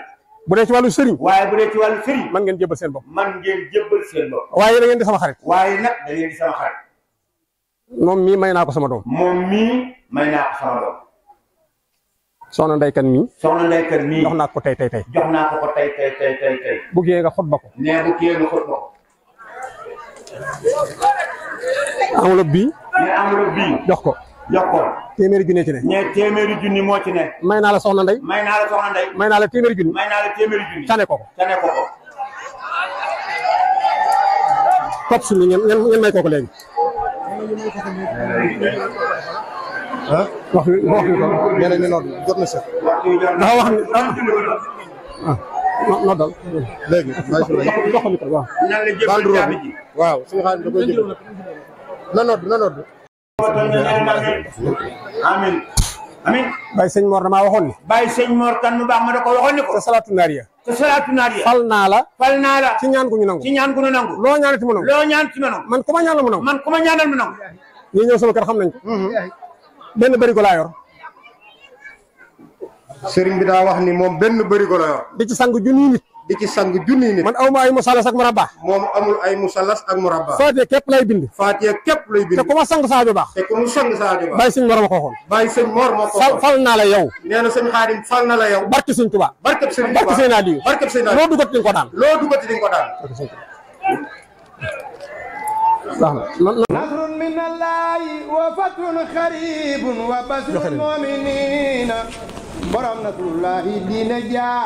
bu dee ci wàllu sëriñ. waaye bu dee ci wàllu sëriñ. man ngeen jébbal seen bopp. man ngeen jébbal seen bopp. waaye da ngeen di sama xarit. waaye nag da ngeen di sama xarit. moom mii may naa sama doom. moom mii may naa sama doom. soxna ndeykan mii. soxna ndeykan mii. jox naa tay tay tay. tey. jox naa ko tay tay tay. tey tey tey. bu kiyee nga xutba ko. nee bu kiyee nga xutba ko. enveloppe bii. nee enveloppe bii. jox ko. yokkoo téeméeri junni ci ne moo ci ne may naa la soxna ndey may naa la soxna ndey may naa la téeméeri junni koko cane koko top may kooku léegi ah wax bi wax na sax amin amin Baye sëñ Mor waxoon ni Baye sëñ Mor kan mu baax ma da ko waxoon ni ko te salaatu naar ya fal naa la fal naa la ci ñaan gu ñu nangu ci ñaan gu ñu nangu loo ñaanati mu nangu loo man ku ma ñaanal mu nangu man ku ma mu nangu ñi ñëw sama kër xam nañ ko mhm. benn bërigo laa yor sëriñ bi daa wax ni moom benn bërigo la yor di sang junni nit di ci sang junni nit. man awma ay musallas ak murabba. mom amul ay musallas ak murabba. fatia kep lay bind. fatia kep lay bind. te kuma sang saa ju te kuma sang saa ju bay seigne sëñ Mor ma ko xoon. bàyyi sëñ Mor ma ko fal na la yow. neena seigne khadim fal na la yow. barke seigne touba barke seigne touba barke seigne ali barke seigne ali lo duggati di ko dal lo duggati di nga ko daan. نصر من الله وفتح قريب وبشر المؤمنين برم نصر الله دين جاء